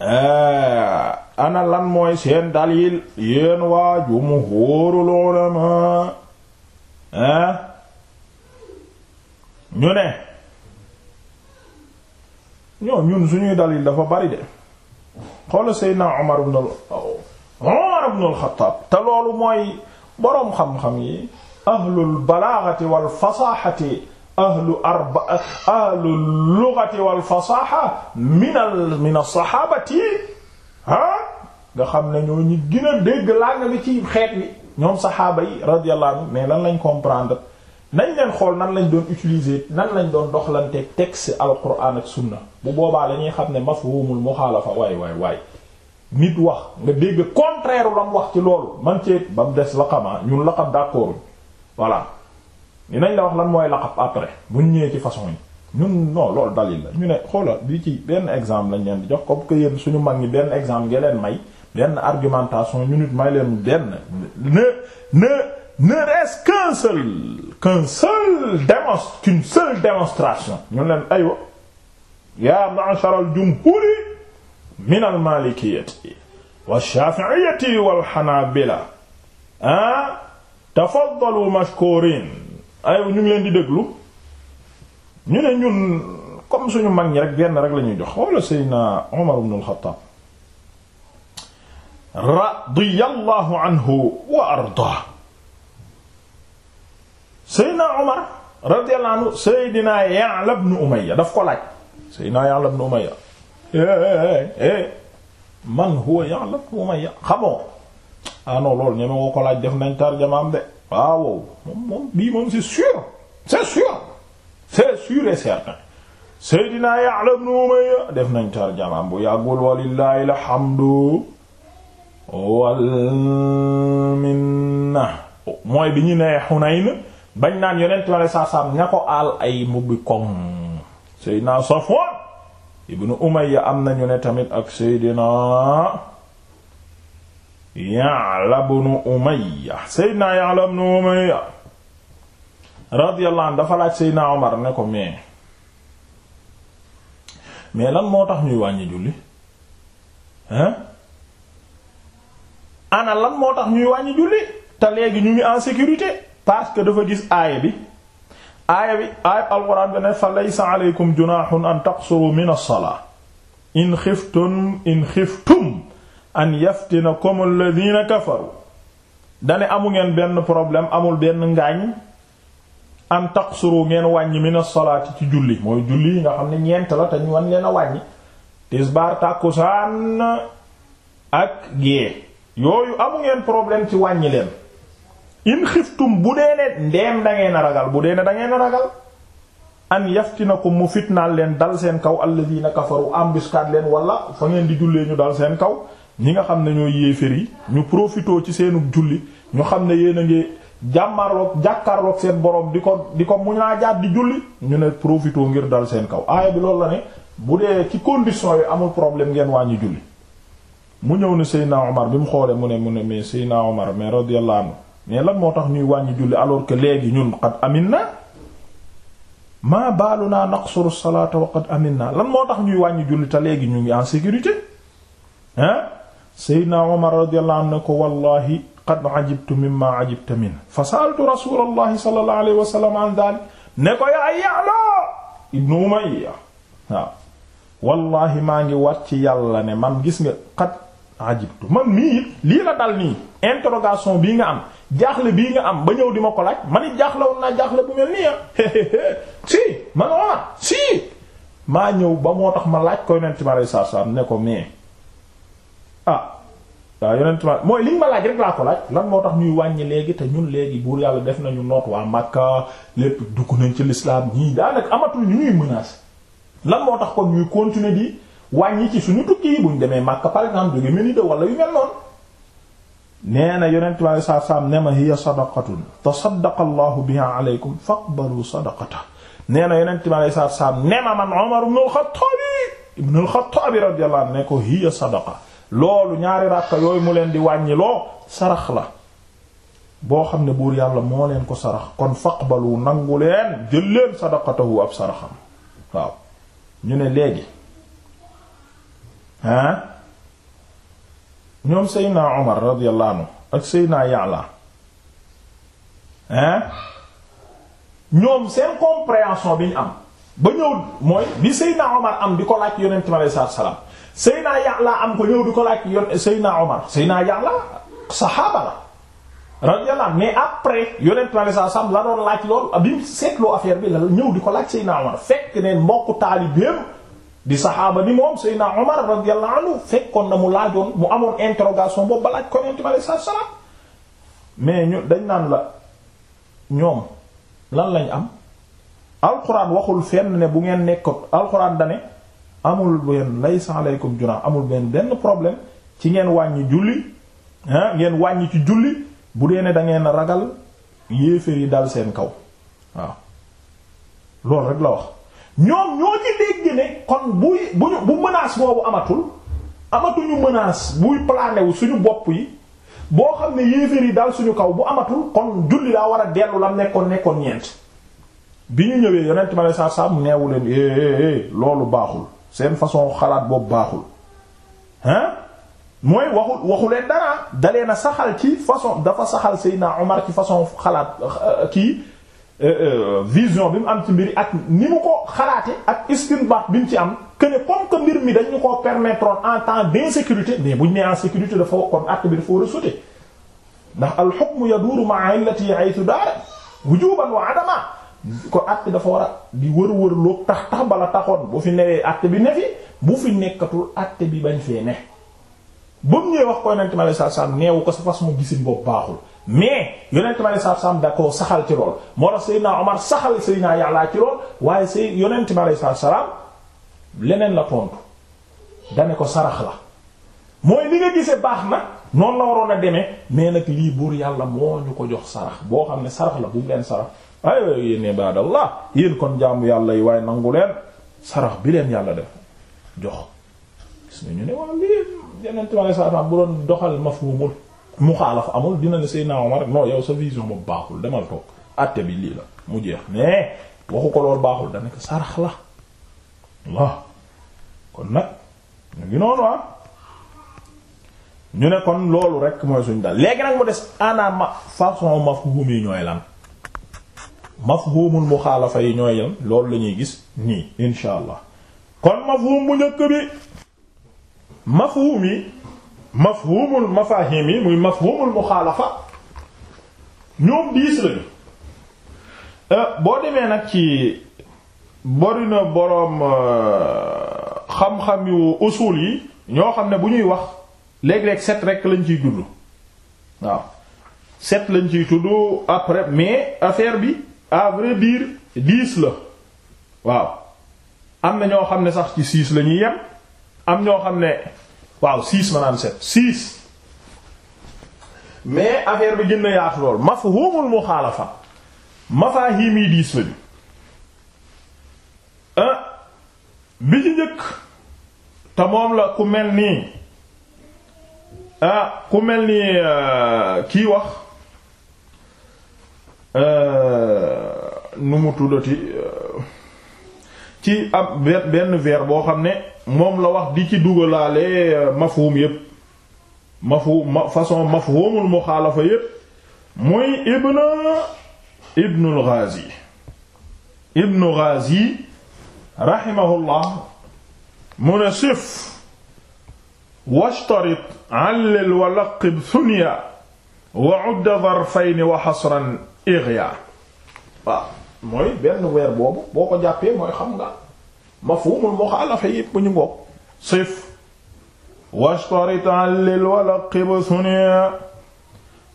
euh, ana lan mooy seen dalil yéen waa jumhuurul ulamaa ñu ne ñoo ñun suñuy dalil dafa bari de xoolal Seydina Omar ibn Omar ibn al-Khattab te loolu mooy boroom xam-xam yi ahlul balaagati wal fasaahati ahlu arba ahlu lughati wal fasaaha minal min as-sahaabati ah nga xam ne ñoo ñi gën a dégg laa nga bi ci xeet bi ñoom saxaaba yi radiyallahu anhu mais lan lañ comprendre nañ leen xool nan lañ doon utiliser nan lañ doon doxlanteeg texte alquran ak sunna bu boobaa la ñuy xam ne mafhumul muxaalafa waay waay waay nit wax nga dégg contraire lam wax ci loolu man ceet ba mu des laqama ah, ñun laqab d'accord voilà dinañ la wax lan mooy laqab après bu ñu ñëwee ci façon yi ñun non loolu dalil la ñu ne xoolal bii ci benn exemple lañ leen di jox comme que yéen suñu mag ñi benn exemple ngeen leen may benn argumentation ñu nit may leen benn ne reste qu'un seul qu'un seul démonstre qu'une seule leen aywa ya ma'shar al-jumhur min al-malikiyyati wash-shafi'iyyati wal-hanabila ah tafaddalu mashkurin aywa leen di déglu ñu ne ñun comme suñu mag ñi rek benn rek la ñuy jox xoola Seydina Umar ibn al-Khattab radiyallahu anhu wa arda Seydina Omar radiyallahu anhu Seydina Ya'la ko laaj Seydina Ya'la ibn Umayya eh, eh, eh, man huwa Ya'la ibn Umayya xamoo ah non loolu ko laaj def nañ tarjamaam de waaw moom moom bii moom c'est sûr c'est sûr c'est sûr et certain Seydina Ya'la ibn Umayya def nañ tarjamaam bu yàggul walillahi alhamdu wal mooy bi ñu nee Hunayn bañ naan yonent ma ne saasaam ña ko aal ay mbubbi koŋ Seydina Safwan ibnu Umayya am nañu ne tamit ak Seydina Ya'la ibnu Umayya Seydina Ya'la ibnu Umayya radiyallahu anhu dafa laaj Seydina Omar ne ko mais mais lan moo tax ñuy wàññi julli hein ana lan moo tax ñuy wàññi julli te léegi ñu ngi en sécurité parce que dafa gis aaya bi aaya bi aaya alxuraan bi ne fa laysa aleykum junahun an taqsuru min as-salaa in xiftum in xiftum an yaftinakum alladhina kafaru dane amu ngeen benn problème amul benn ngaañ an taqsuru ngeen wàññi min as-salaati ci julli mooy julli nga xam ne ñeent la te ñu wan leen wàññi tisbaar tàkkusaan ak gée yooyu amu ngeen problème ci wàññi leen in xiftum bu dee ne ndeem da ragal bu dee ne da ngeen a ragal an yaftinakum mu fitnaal leen dal seen kaw alladina kafaru embuscade leen wala fa ngeen di jullee ñu dal seen kaw ñi nga xam ne ñoo yéefér yi ñu profitoo ci seenug julli ñu xam ne yéen a ngi jàmmarloog jàkkarloog seen borom di ko di ko mu naa jaat di julli ñu ne profitoo ngir dal seen kaw aaya bi loolu la ne bu dee ci condition yi amul problème ngeen wàññi julli mu ñëw ne Seydina Omar bi mu xoolee mu ne mu ne mais Seydina mais lan moo tax ñuy wàññi julli alors que léegi ñun qad amin na maa baalu naa naqsuru salaata wa qad amin na lan moo tax ñuy wàññi julli léegi ñu ngi en sécurité ah Seydina Omar radiyallahu anhu ne ko wallahi qad ajibtu mimma ajibta min fa sa'altu rasulallahi sallallahu alayhi wa sallam ne ko yaa Ya'la ibnu Umayya waaw wallahi maa ngi wat ci yàlla ne man gis nga qad ajibtu man nii it lii la dal nii interrogation bii nga am jaaxle bii nga am ba ñëw di ma ko laaj man it jaaxle woon naa jaaxle bu mel nii ah si man waa si maa ñëw ba moo tax ma laaj ko yonent ma lay saar ne ko mais ah waaw yonent mooy li ma laaj rek laa ko laaj lan moo tax ñuy wàññi léegi te ñun léegi buur yàlla def nañu noot waa Makka lépp dugg nañ ci lislaam ñii daanaka amatul ñu ñuy menace lan moo tax kon ñuy continuer di. wàññi ci suñu tukki yi bu ñu demee Makka par exemple jóge Médina wala yu mel noonu nee na yonent bi saa saam ne ma hiya sadaqatun tasaddaqa Allahu biha aleykum faqbalu sadaqata nee na yonent bi saa saam ne ma man Umar ibn al-Khattab ibn al-Khattab xat anhu ne ko hiya sadaqa loolu ñaari ràkka yooyu mu leen di wàññiloo loo sarax la boo xam ne buur yàlla moo leen ko sarax kon faqbalu nangu leen jël leen sadaqatahu ab saraxam waaw ñu ne léegi. ah ñoom Seydina Omar radiyallahu anhu ñoom seen compréhension bi ñu am ba ñëw mooy bi Seydina Omar am di ko laaj yonent mi alayhi salaam Seydina am ko ñëw di ko laaj yon Seydina Omar Seydina Ya'la saxaaba la radiyallahu mais après yonent mi alayhi salaam la doon laaj lool bi mu seetloo bi la ñëw di ko laaj Seydina Omar fekk ne mbokku taalibeem di saxaaba ni moom Seydina Omar radiyallahu anhu fekkoon na mu laajoon mu amoon interrogation boobu ba laaj ko Yonent bi alayhi salaam mais ñu dañ naan la ñoom lan lañ am alxuraan waxul fenn ne bu ngeen nekkoon alxuraan dane amul benn laysa alaykum junah amul benn benn problème ci ngeen wàññi julli ngeen wàññi ci julli bu dee ne da ngeen ragal yéeféer yi dal seen kaw waaw loolu rek la wax. ñoom ñoo ci dégg ne kon buy bu bu menace boobu amatul amatuñu menace buy plané wu suñu bopp yi boo xam ne yéeféer yi daal suñu kaw bu amatul kon julli daa war a dellu lam nekkoon nekkoon ñeent bi ñu ñëwee yonent ma lay saa saa mu neewu leen eh eh, eh eh loolu baaxul seen façon xalaat boobu baaxul hein mooy waxu waxu leen dalee na saxal ci façon dafa saxal Seydina Omar ci façon xalaat euh, kii. Euh, euh, vision bi mu am ci mbiri ak ni mu ko xalaate ak istinbaat bi mu ci am que ne comme mbir mi dañu ko permettre en temps d'insécurité mais bu ñu nee en sécurité dafa kon bi dafa war a sauter ndax al hukmu yaduru ma'a illati haythu daara wujuban wa adama ko acte dafa war a di wër-wër loo tax tax bala taxoon bu fi newee acte bi ne bu fi nekkatul acte bi bañ fee ne ba mu ñëwee wax koy Yonent mi sallallahu alayhi wasallam neewu ko sa façon gisin boobu baaxul. mais yonent bi alei satu salaam da ko saxal ci lool moo tax Seydina Omar saxal Seydina Yàlla ci lool waaye say yonent bi alei satu salaam leneen la tontu dane ko sarax la mooy li nga gisee baax na noonu la waroon a deme mais nag lii buur yàlla moo ñu ko jox sarax boo xam ne sarax la bu mu leen sarax ay yéen ibadallah yéen kon jaamu yàlla yi waaye nangu leen sarax bi leen yàlla def jox gis na ñu ne waaw lii yonent bi alei satu bu doon doxal mu xaalaf amul dina ne Seydina Omar non yow sa vision boobu baaxul demal toog àtte bi lii la mu jeex mais waxu ko loolu baaxul da nekk sarax la waaw kon nag ñu ngi ah. ne kon loolu rek mooy suñ dal léegi nag mu des ana ma façon mafhum yi ñooy lan mafhumul muxaalafa yi ñooy lan loolu la ñuy gis nii insha allah kon mafhum bu njëkk bi mafhum yi mafhumul mafahim yi muy mafhumul muxaalafa ñoom diis lañu euh, boo demee nag ci bari na boroom euh, xam-xam yu usul yi ñoo xam ne bu ñuy wax léeg-léeg set rek lañ ciy tudd waaw set lañ ciy tudd après mais affaire bi à vrai dire diis la waaw am na ñoo xam ne sax ci six la yem am ñoo xam ne waaw six maanaam sept six mais affaire bi gën na yaatu lool mafhumul muxaalafa mafahim yi diis lañu ah bi ci njëkk te moom la ku mel nii ah ku mel ni euh, kii wax euh, nu mu tuddati ci ab benn vers boo xam ne moom la wax di ci dugalaale euh, mafhum yépp mafhum façon mafhumul muxaalafa yépp muy ibn ibnul Ghazi ibnu Ghazi rahimahullah mu ne sif washtarit allil wa laqib thunya wa udd zarfayn wa hasran ighya mooy benn weer boobu boo ko jàppee mooy xam nga mafhumul muxaalafa yépp ñu ngoog sif washtaritan lil walaqi bu suniya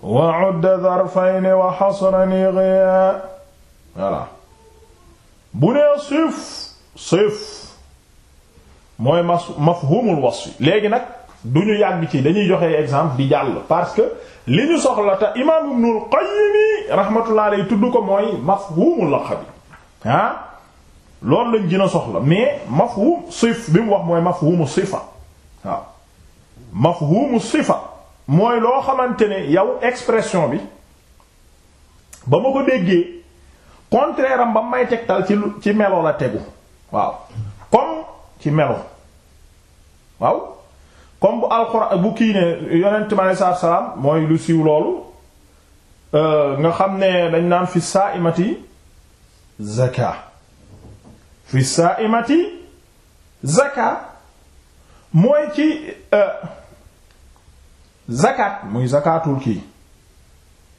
wa udda zarfayni wa xasrani ghaya voilà bu nee sif sif mooy mafhumul wasfi léegi nag du ñu yàgg ci dañuy joxe exemple di jàll parce que li ñu soxla te imaam Ibnul Qayyim rahmatullah alayhi tudd ko mooy mafhumul laqab bi ah loolu lañ gën a soxla mais mafhum sif bi mu wax mooy mafhumu sifa waaw mafhumu mooy loo xamante ne yow expression bi ba ma ko déggee contraire am ba may tegtal ci lu ci melo la tegu waaw comme ci melo waaw comme bu alxuraan bu kii ne yonent mi salaam mooy lu siiw loolu euh, nga xam ne dañ naan fi saa'imati zaka fi saa'imati zaka mooy ci euh, zakat muy zakatul kii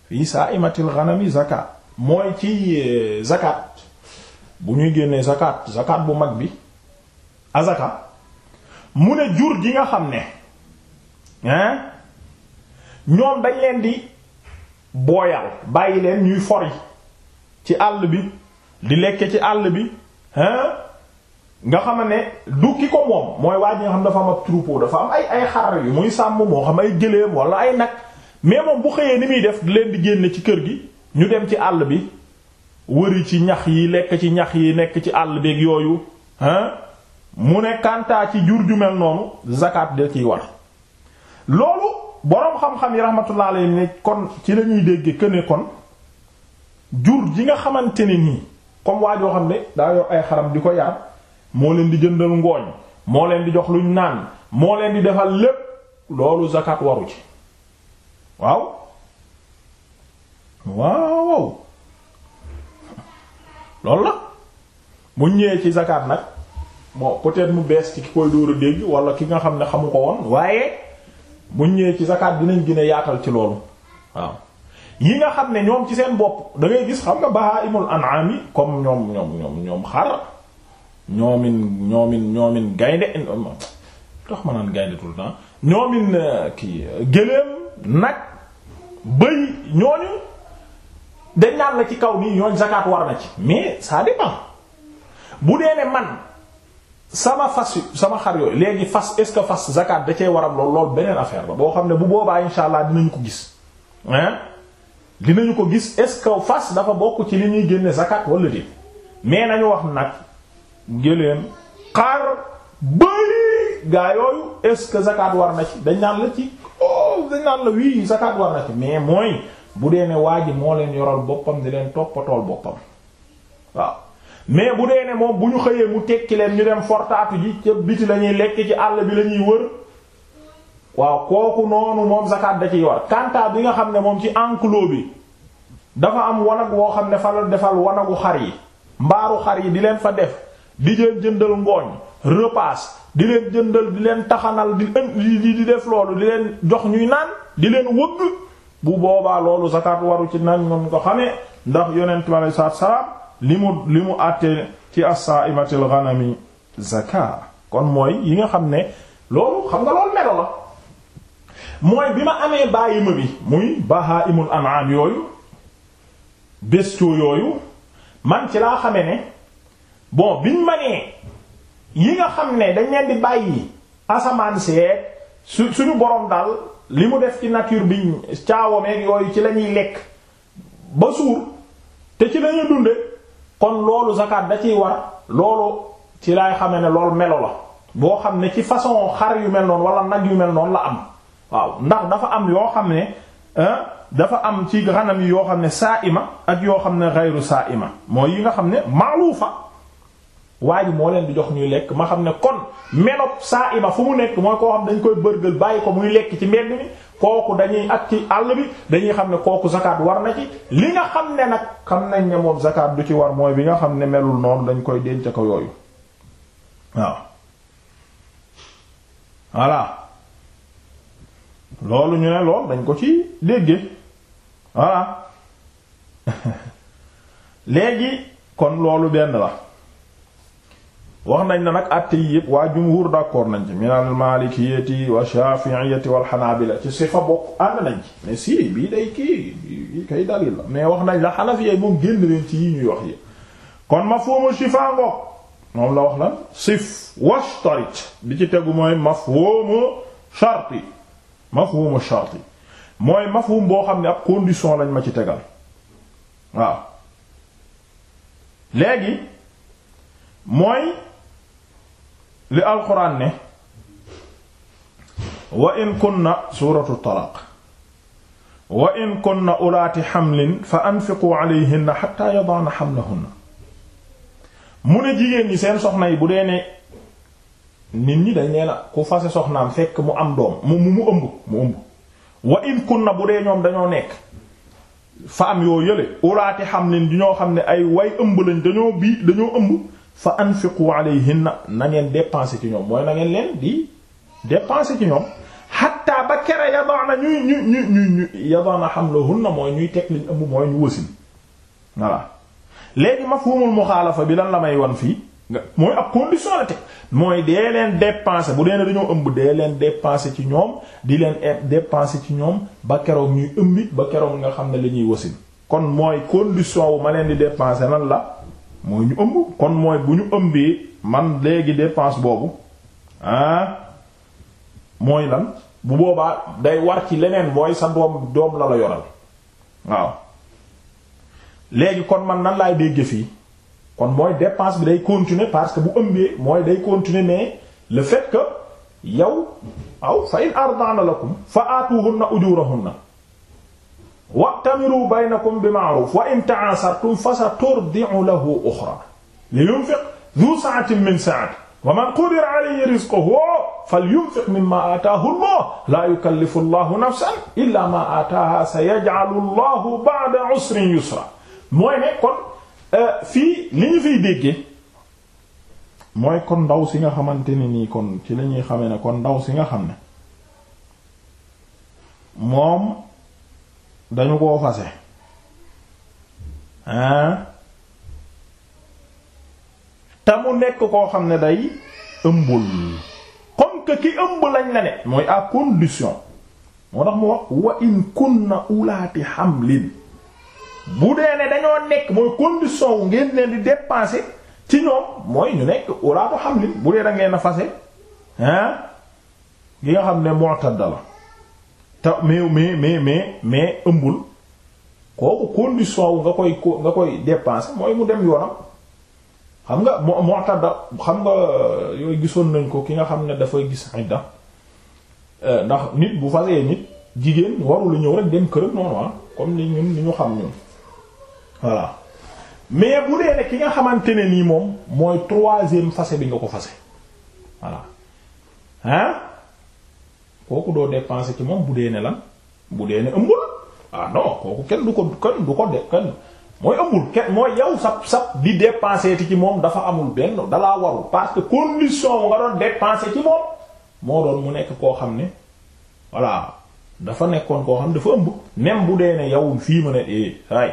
fi saa'imatil ghanami zakat mooy ci euh, zakat bu ñuy génnee zakat zakat bu mag bi azaka mu ne jur gi nga xam ne ñoom dañ leen di booyal bàyyi leen ñuy fori ci àll bi di lekke ci àll bi hein nga xam ne du ki ko moom mooy waa ji nga xam dafa am ab troupeau dafa am ay ay xar yu muy sàmm moo xam ay gëléem wala ay nag mais moom bu xëyee ni muy def di leen di génne ci kër gi ñu dem ci àll bi wëri ci ñax yi lekk ci ñax yi nekk ci àll beeg yooyu mu ne kantaa ci jur ju mel noonu zakat de ciy war loolu boroom xam-xam yi rahmatullah alayhi kon ci lañuy dégge dégg que ne kon jur ji nga xamante ni nii comme waa joo xam ne daa yor ay xaram di ko yar moo leen di jëndal ngooñ moo leen di jox luñ naan moo leen di defal lépp loolu zakat waru ci waaw waaw loolu la mu ñëwee ci zakat nag. moo peut-être mu bees ci ki koy dóor a dégg wala ki nga xam ne xamu ko woon waaye buñ ñëwee ci zakat dinañ gën a yaatal ci loolu waaw yi nga xam ne ñoom ci seen bopp dangay gis xam nga bahaimul an'am yi ñoom ñoom ñoom ñoom xar ñoomin ñoomin ma naan gaynde tout le temps ñoomin euh, kii géléem nag bëy ñooñu dañ naan la ci kaw nii ñooñ zakat war na ci mais ça dépend bu dee ne man sama fas sama xar yooyu léegi fas est-ce fas zakat da cee waram lool lool beneen affaire ba boo xam ne bu boobaa insha allah dinañu ko gis hein dinañu ko gis est-ce que fas dafa bokk ci li ñuy génne zakat wala déet mais nañu wax nag gëléem xar bëri gaa est-ce que zakat war na ci dañ naan la ci oh dañ naan la wii zakat war na ci mais mooy bu dee ne waa ji moo leen yoral boppam di leen toppatool boppam waaw. mais bu dee ne moom bu ñu xëyee mu tekki leen ñu dem fortaatu ji ca biti la ñuy lekk ci àll bi la ñuy wër waaw kooku noonu moom zakat da ciy war kanta bi nga xam ne moom ci enclos bi dafa am wanag woo xam ne fa la defal wanagu xar yi mbaaru xar yi di leen fa def di leen jëndal ngooñ repas di leen jëndal di leen taxanal di di di def loolu di leen jox ñuy naan di leen wëgg bu boobaa loolu zakat waru ci nañ moom ko xamee ndax yonent bi aleyhi salaatu salaam li mu li mu àttee ci as-sa'imatil ghanami zakat kon mooy yi nga xam ne loolu xam nga loolu melo la mooy bi ma amee bàyyima bi muy bahaa'imul an'am yooyu bestiaux yooyu man ci laa xame ne bon biñ ma nee yi nga xam ne dañ leen di bàyyi asamaan seeg su suñu boroom daal li mu def ci nature biñ caawameeg yooyu ci lañuy lekk ba suur te ci lañuy dunde kon loolu zakat da ciy war loolu ci laay xamee ne loolu melo la boo xam ne ci façon xar yu mel noonu wala nag yu mel noonu la am waaw ndax dafa am yoo xam ne dafa am ci xanam yi yoo xam ne saa ima ak yoo xam ne xayru saa ima mooy yi nga xam ne maaluufa waa ji moo leen di jox ñuy lekk ma xam ne kon melop saa ima fu mu nekk mooy koo xam dañ koy bërgël bàyyi ko muy lekk ci mbedd mi kooku dañuy ak ci àll bi dañuy xam ne kooku zakat war na ci li nga xam ne nag xam nañ ne moom zakat du ci war mooy bi nga xam ne melul noonu dañ koy denc ko yooyu waaw voilà loolu ñu ne lool dañ ko ci dégge voilà léegi kon loolu benn la wax nañ na nag àtte yi yëpp waa jumhur d'accord nañ ci min al malikiyati wa shafi'iyati wal hanabila ci nañ ci mais bii day kii bii kay dalil la mais wax nañ la hanafiya moom génn leen ci yi ñuy wax yi kon mafhumu shifa ngoog moom la wax lan sif washtarit bi ci tegu mooy mafhumu sharti mooy mafhum boo xam ne ab condition lañ ma ci tegal waaw léegi mooy li alquran ne wa in na suratu talaq wa in kunna ulaati xamlin fa anfiqu alayhinna xatta yadaana xamlahunna mu ne jigéen ñi seen soxna yi bu dee ne nit ñi dañ nee na ku fase soxnaam fekk mu am doom mu mu ëmb mu ëmb wa in kunna bu dee ñoom dañoo nekk fa am yoo yële ulaati xamlin di ñoo xam ne ay way ëmb lañ dañoo bii dañoo ëmb fa anfiqu alayhinna na nangeen dépenser ci ñoom mooy na ngeen leen di dépenser ci ñoom hatta ba kere ñuy ñu ñu ñu ñu yadana hamluhunna ñuy teg ëmb mooy ñu wasin voilà léegi mafhumul bi lan la may wan fii mooy ab mooy dee leen dépenser bu dee ne dañoo ëmb dee leen dépenser ci ñoom di leen e, dépenser ci ñoom ba keroog ñuy ëmbi ba keroog nga xam ne la ñuy wasin kon mooy condition wu ma leen di dépenser nan la mooy ñu ëmb kon mooy bu ñu ëmbee man léegi dépense boobu ah mooy lan bu boobaa day war ci leneen mooy sa doom doom la la yoral waaw léegi kon man nan laay dégg fii kon mooy dépense bi day continuer parce que bu ëmbee mooy day continuer mais le fait que yow aw fa in arda'na lakum fa aatuhunna na wa'tamiru baynakum bi ma'ruf wa in ta'asartum fasaturdi'u lahu ukhra liyunfiq dhu sa'atin min sa'ati wa man qudira 'alayhi rizquhu falyunfiq mimma ataahu Allah la yukallifu Allahu nafsan illa ma ataaha sayaj'alu Allahu ba'da 'usrin yusra mooy ne kon euh, fii li ñu fiy déggee mooy kon ndaw si nga xamante ne nii kon ci la ñuy xamee ne kon ndaw si nga xam ne moom. dañu koo fase hein te mu nekk koo xam ne day ëmbul comme que ki ëmb lañ la ne mooy à condition moo tax mu wax wa in kunna ulaati hamlin bu dee ne dañoo nekk mooy condition wu ngeen leen di dépasser ci ñoom mooy ñu nekk ulaatu hamlin bu dee da fase hein gi nga xam ne mu'tadda la te mais mais mais mais mais ëmbul kooku condition wu nga koy nga koy dépenser mooy mu dem yoonam xam nga moo moo tax da xam nga euh, yooyu gisoon nañ ko ki nga xam ne dafay gis idda euh, ndax nit bu fasee nit jigéen warul ñëw rek dem këram noonu ah comme ni ñun ni ñu xam ñun voilà mais bu dee ki nga xamante ne nii moom mooy troisième fase bi nga ko fase voilà hein kooku doo dépenser ci moom bu dee ne lan bu dee ne ëmbul ah non kooku kenn du ko kenn du ko de kenn mooy ëmbul kenn mooy yow sab sab di dépenser ci moom dafa amul benn dalaa warul parce que condition nga doon dépenser ci moom moo doon mu nekk koo xam ne voilà dafa nekkoon koo xam ne dafa ëmb même bu dee ne yow fii ma ne eh ay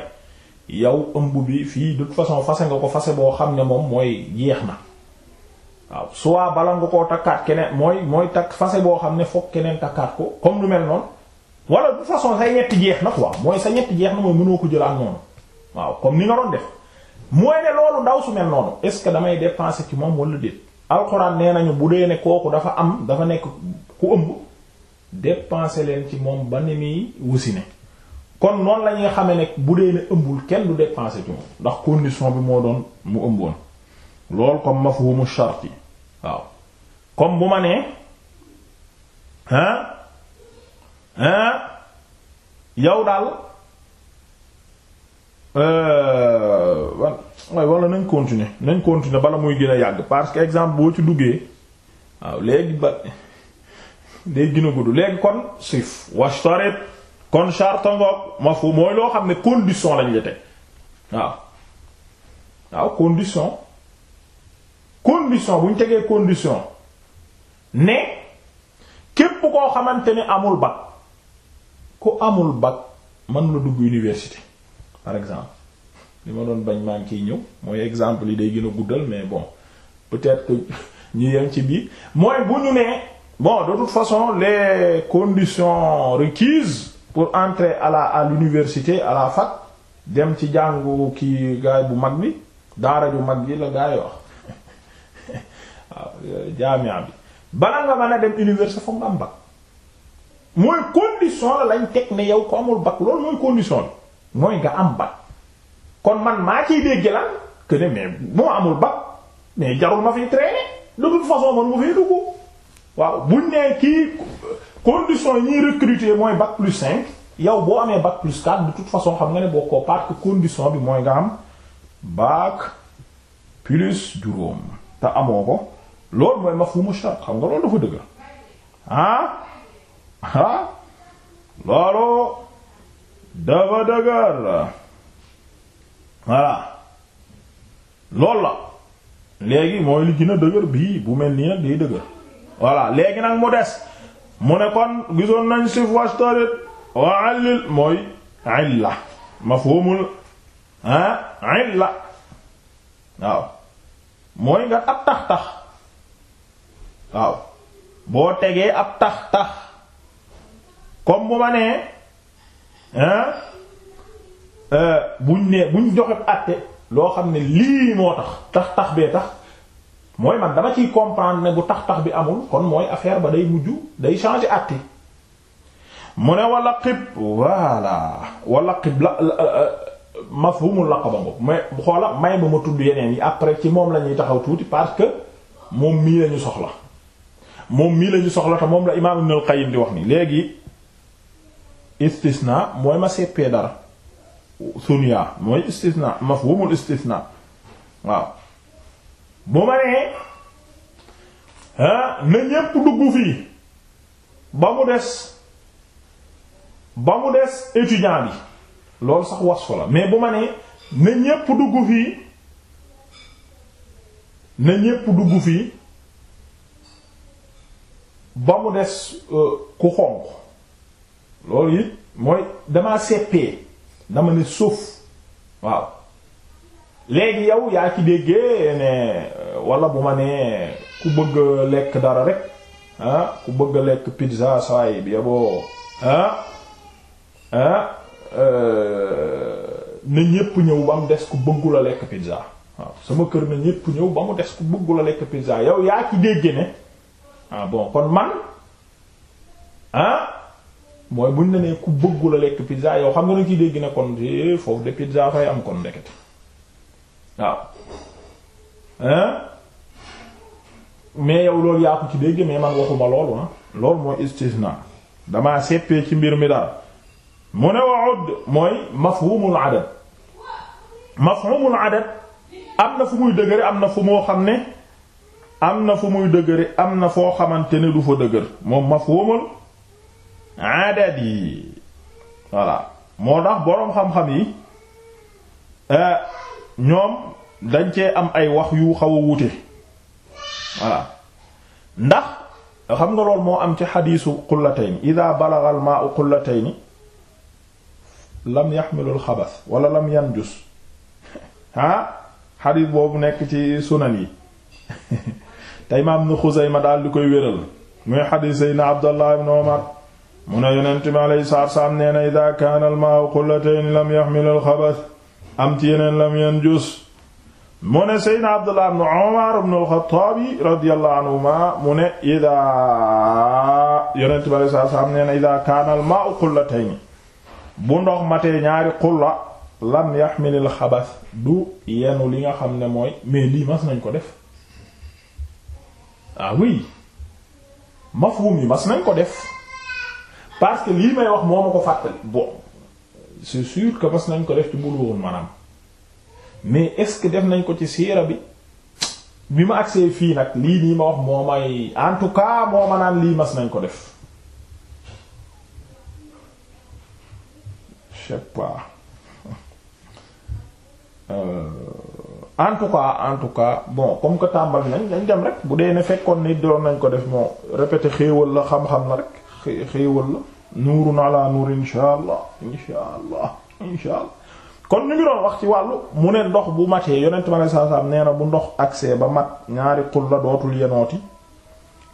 yow ëmb bi fii du façon fase nga ko fase boo xam ne moom mooy jeex na. waaw soit bala nga koo takkaat keneen mooy mooy takk fase boo xam ne foog keneen takkaat ko comme lu mel noonu wala de façon say ñetti jeex na quoi mooy sa ñetti jeex na mooy mënoo ko jëlaat noonu waaw comme ni def mooy ne loolu ndaw su mel noonu est-ce que damay dépenser ci moom wala déet alxuraan nee nañu bu dee kooku dafa am dafa nekk ku ëmb dépenser leen ci moom ba ni muy wusine kon noonu la ñuy xamee ne bu dee ne ëmbul kenn du dépenser ci moom ndax condition bi moo doon mu ëmboon. lool comme mafhumu shart yi waaw comme bu ma nee hein hein yow daal euh, waaye wala nañ continuer nañ continuer bala muy gën a yàgg parce que exemple boo ci duggee waaw léegi ba day gën a gudd léegi kon sif washtarit kon charte ngoog mafhum mooy loo xam ne condition lañ la teg waaw waaw condition condition bu ñu tegee condition ne képp koo xamante ni amul bac ku amul bac man la dugg université par exemple li ma doon bañ maa ngi ciy ñëw mooy exemple yi day gën a guddal mais bon peut-être que ñu ci biir mooy bu bon de façon les conditions requises pour entrer à la à l'université à la fat dem ci jàngu kii gaay bu mag bi daara ju mag bi la gaay wax Euh, jaamia bi bala nga mën a dem université foog nga am bac mooy condition la lañ teg ne yow ko amul bac loolu mooy condition bi mooy nga am bac kon man maa ciy dégg lan que mais moo amul bac mais jarul ma fi traîner de toute façon man ma fiy dugg waaw bu nee kii condition yi ñuy mooy bac plus cinq yow boo amee bac plus quatre de toute façon xam nga ne boo ko parce que condition bi mooy nga am bac plus juróom te amoo ko. loolu mooy mafhumu shart xam nga loolu dafa dëgër ah? Ah? voilà loolu la léegi mooy li dëgër bii bu mel ni nag day dëgër voilà léegi nag mu des mu ne kon gisoon nañ sif washtarit wa allil mooy illa mafhumul ah illa waaw mooy nga ab tax tax waaw boo tegee ab tax tax comme bu ma nee euh, buñ nee buñ joxe àtte loo xam ne lii moo tax tax tax bee tax mooy man dama ciy comprendre ne bu tax tax bi amul kon mooy affaire ba day mujj day changer àtte mu ne wala xib voilà wala xib la euh, mafhumul laqaba ngoog mais xoola may ba ma tudd yeneen yi après ci moom la ñuy taxaw tuuti parce que moom mii lañu soxla moom mii lañu soxla te moom la imaam Ibn al-Qayyim di wax ni léegi istisna mooy ma seppee dara sunya mooy istisna mafhumul istisna waaw bu ma nee na ñépp dugg fii ba mu des ba mu des étudiant bi loolu sax wasfu la mais bu ma nee na ñépp dugg fii na ñépp dugg fii ba mu des euh, ku xonq loolu it mooy damaa seppee dama ne suuf waaw léegi yow yaa ci déggee ne euh, wala bu ma nee ku bëgg lekk dara rek ah ku bëgg lekk pizza saay bi yaboo ah ah euh, na ñépp ñëw ba mu des ku bëggu la lekk pizza waaw sama kër na ñépp ñëw ba mu des ku bëggu la lekk pizza yow yaa ci dégg ne. Ah, bon kon man ah mooy buñ ne nee ku bëggu la lekk pizza yow xam nga na kiy dégg ne kon eh, foofu de pizza fay am kon ndeket waaw ah mais loolu yaa ci dégg mais man waxuma loolu ah loolu mooy istisna damaa seppee ci mbir mi daal mu ne wa'ud mooy mafhumul adad mafhumul adad am na fu muy dëgëre am na fu moo xam ne am na fu muy dëgëre am na foo xamante ne du fa dëgër moom ma mafhumul adad yi voilà moo tax boroom xam-xam yi euh, ñoom dañ cee am ay wax yu xaw a wuute voilà ndax xam nga lool moo am ci xadiisu qullatayn ida balagha al ma'u qullatayn lam yaxmilu al xabas wala lam yanjus ah xadiis boobu nekk ci sunan yi te imaam ibn Xuzayma daal di koy wéral muy xadiis seydna Abdallah ibn Umar mu ne yonent mi alayhi salaatu salaam nee na idaa kaana al-maa'u qullatayn lam yaxmil al mu ne seydna Abdallah ibn Umar ibn al radiyallahu anhuma mu ne idaa yonent mi alayhi idaa kaana al-maa'u bu ndox matee ñaari xulla lam yaxmil al du yenu li nga xam ne mooy mais lii mas nañ ko def ah oui mafhum yi mas nañ ko def parce que lii may wax moo ma ko fàttali bon c'est sûr que mas nañ ko def ci bulughul maram mais est-ce que def nañ ko ci siira bi bi ma agsee fii nag lii nii ma wax moo may en tout cas moo ma naan lii mas nañ ko def je sais en tout cas en tout cas bon comme que tàmbali nañ dañ dem rek bu dee ne fekkoon ni doon nañ ko def moo répété xéewal la xam-xam la rek xéewal la nuurun ala nuur insha allah insha kon ñu ngi doon wax ci wàllu mu ne ndox bu matee yonent ma ne saasaam nee na bu ndox agsee ba mat ñaari xul la dootul yenooti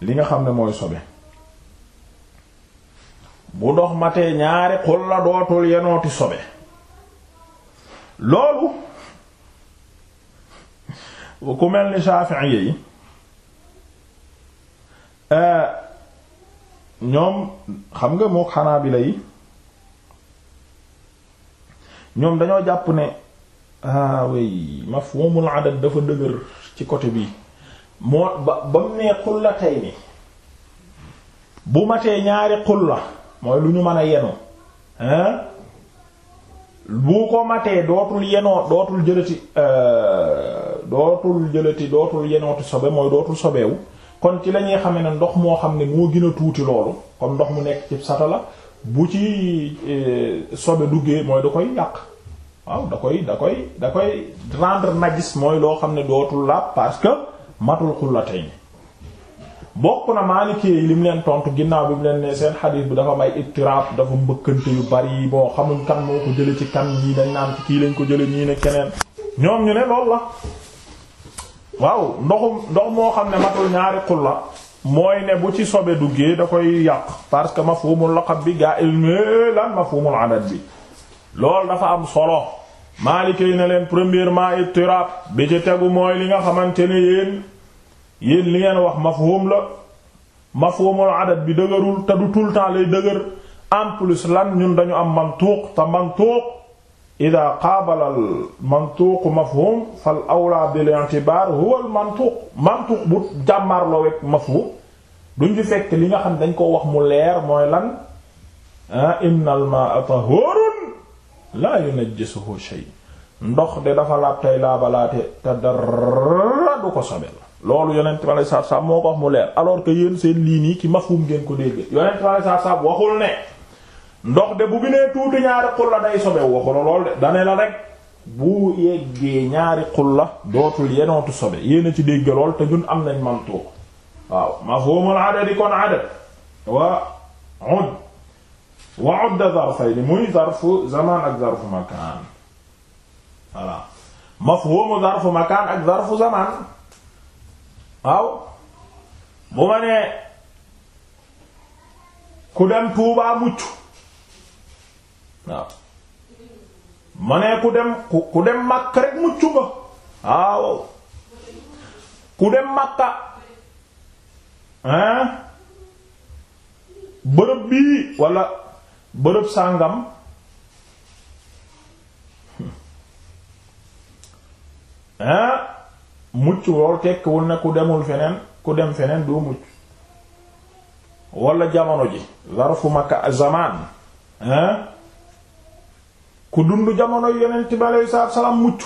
li nga xam ne mooy sobe bu ndox matee ñaari xul la dootul yenooti sobe loolu ku mel ni Shafi'i yi euh, ñoom xam nga mook Hanabila yi ñoom dañoo jàpp ne ah oui mafhumul adad dafa dëgër ci côté bi moo ba ba mu nee xulla tey ni bu matee ñaari la mooy lu ñu mën a yenu hein bu ko matee dootul yenoo dootul jëlati euh, dootul jëlati dootul yenooti sobe mooy dootul sobeewu kon ci la ñuy xamee ne ndox moo xam ne moo gën a tuuti loolu comme ndox mu nekk ci sata la bu ci eh, sobe duggee mooy da koy yàq waaw da koy da koy da koy rendre najis mooy loo xam ne dootul la parce que matul xullatayn bokk na maa maalikee yi lim leen tontu ginnaaw bi mu leen ne seen xadiis bi dafa may ittiraab dafa mbëkkante yu bari boo xamuñ kan moo ko jële ci kan ñii dañ naan ci kii lañ ko jële ñii ne keneen ñoom ñu la waaw ndoxu ndox moo xam ne matul ñaari xulla mooy ne bu ci sobee duggee da koy yàq parce que mafhumul laqab bi gaa lan mafhumul adad bi loolu dafa am solo maalike yi ne leen premièrement ittirab bi ci tegu mooy li nga xamante ne yéen yéen li ngeen wax ma mafhum la mafhumul adad bi dëgërul te du tout le temps lay dëgër en lan ñun dañu am mantuq te mantuq ida qaabala al mantuuq mafhum fal awlaa huwa al mantuuq mantuuq bu jàmmarloo wekk mafhum duñ ci fekk li nga xam dañ ko wax mu leer mooy lan ah, innal maa'a tahuurun laa yunajjisuhu shay ndox de dafa laab tey laabalaate te dara du ko sobel loolu yonent bi alayhi moo ko wax mu leer alors que yéen seen lii nii ci mafhum ngeen ko dégg yonent bi alayhi waxul ne ndox de bu gënee tuuti ñaari xulla day sobe waxula lool de dane la rek bu yeggee ñaari xulla dootul yenootu sobe yéena ci dégg lool te ñun am nañ mantuuk waaw mafhumul adadi kon adad wa zarfu makaan ak zarfu zaman waaw bu ma nee ku dem Tuubaa mucc waaw ma ne ku dem ku dem Makka rek mucc nga waaw ku dem Makka hein bërëb bii walla bërëb sàngam hein mucc lool tekkiwul ne ku demul feneen ku dem feneen doo mucc walla jamono ji zarfu Makka zamaan hein ku dund jamono yonent bi aleyhi salaatu salaam mucc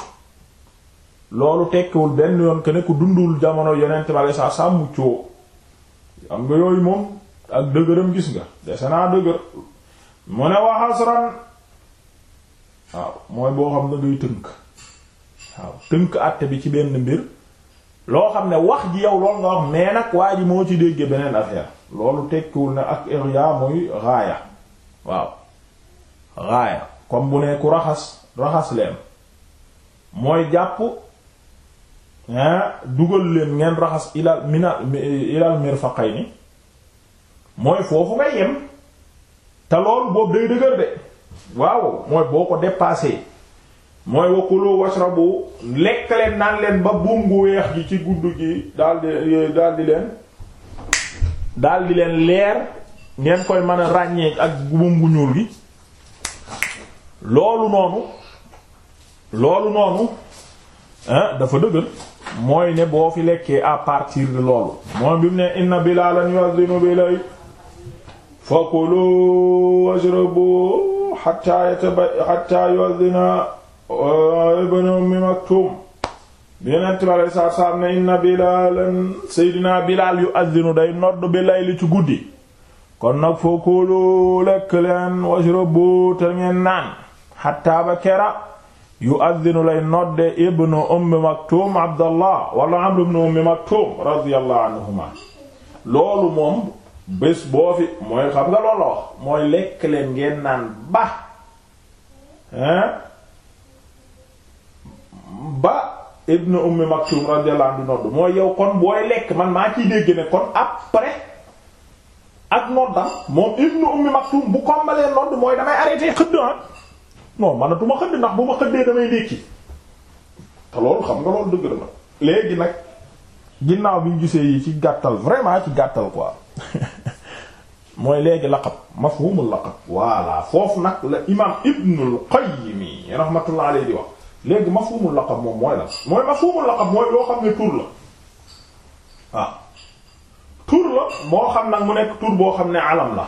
loolu tekkiwul benn yoon que ne ku dundul jamono yonent bi aleyhi salaatu salaam muccoo yooyu moom ak dëgëram gis nga dese naa dëgër mu ne waxasran waaw mooy boo xam ne ngay tënk waaw tënk àtte bi ci benn mbir loo xam ne wax ji yow loolu nga wax mais nag waa ji moo ci déggee beneen affaire loolu tekkiwul ne ak irya mooy raaya waaw raaya comme bu ne ku raxas raxas leen mooy jàpp dugal leen ngeen raxas ilal minal ilal mirfaqayni mooy foofu nga yem te loolu boobu day dëgër de waaw mooy boo ko dépassé mooy wakulu washrabu lekk leen naan leen ba bungu weex gi ci gudd gi daldi daldi leen daldi leen leer ngeen koy mën a ràññee ak bungu ñuul gi loolu noonu loolu noonu ah, dafa dëgër mooy ne boo fi lekkee à partir de loolu moom bi mu ne inna bilalan yu'adhdhinu bi lay fakulu washrabu hatta yataba hatta yu'adhdhina uh, ibnu ummi maktum yeneen tubaab saar saar ne inna bilalan seydinaa bilaal yu'adhdhinu day nodd bi layli ci guddi kon nag fakulu lekk leen washrabu te ngeen naan xataa ba kera yu addinu lay nodde ibnu ummi maktuum abdallah wala amru ibnu ummi maktuum radiyallahu anhuma loolu moom bés boo fi mooy xam nga loolu mooy lekk leen ngeen naan ba ba ibnu ummi maktuum radiyallahu anhu nodd moom ibnu ummi maktuum bu kombalee nodd mooy damay arrêté xëdd man non duma xëdd ndax bu ma xëddee damay dékki te loolu xam nga loolu dëgg la léegi nag ginnaaw bi ñu gisee yi ci gàttal vraiment ci gàttal quoi mooy léegi laqab mafhumul laqab voilà foofu nag la imaam Ibnul Qayyim rahmatullah alayhi léegi mafhumul laqab moom mooy la mooy mafhumul laqab mooy loo xam ne tuur la waaw ah. tur la moo xam nag mu nekk tuur boo xam ne alam la.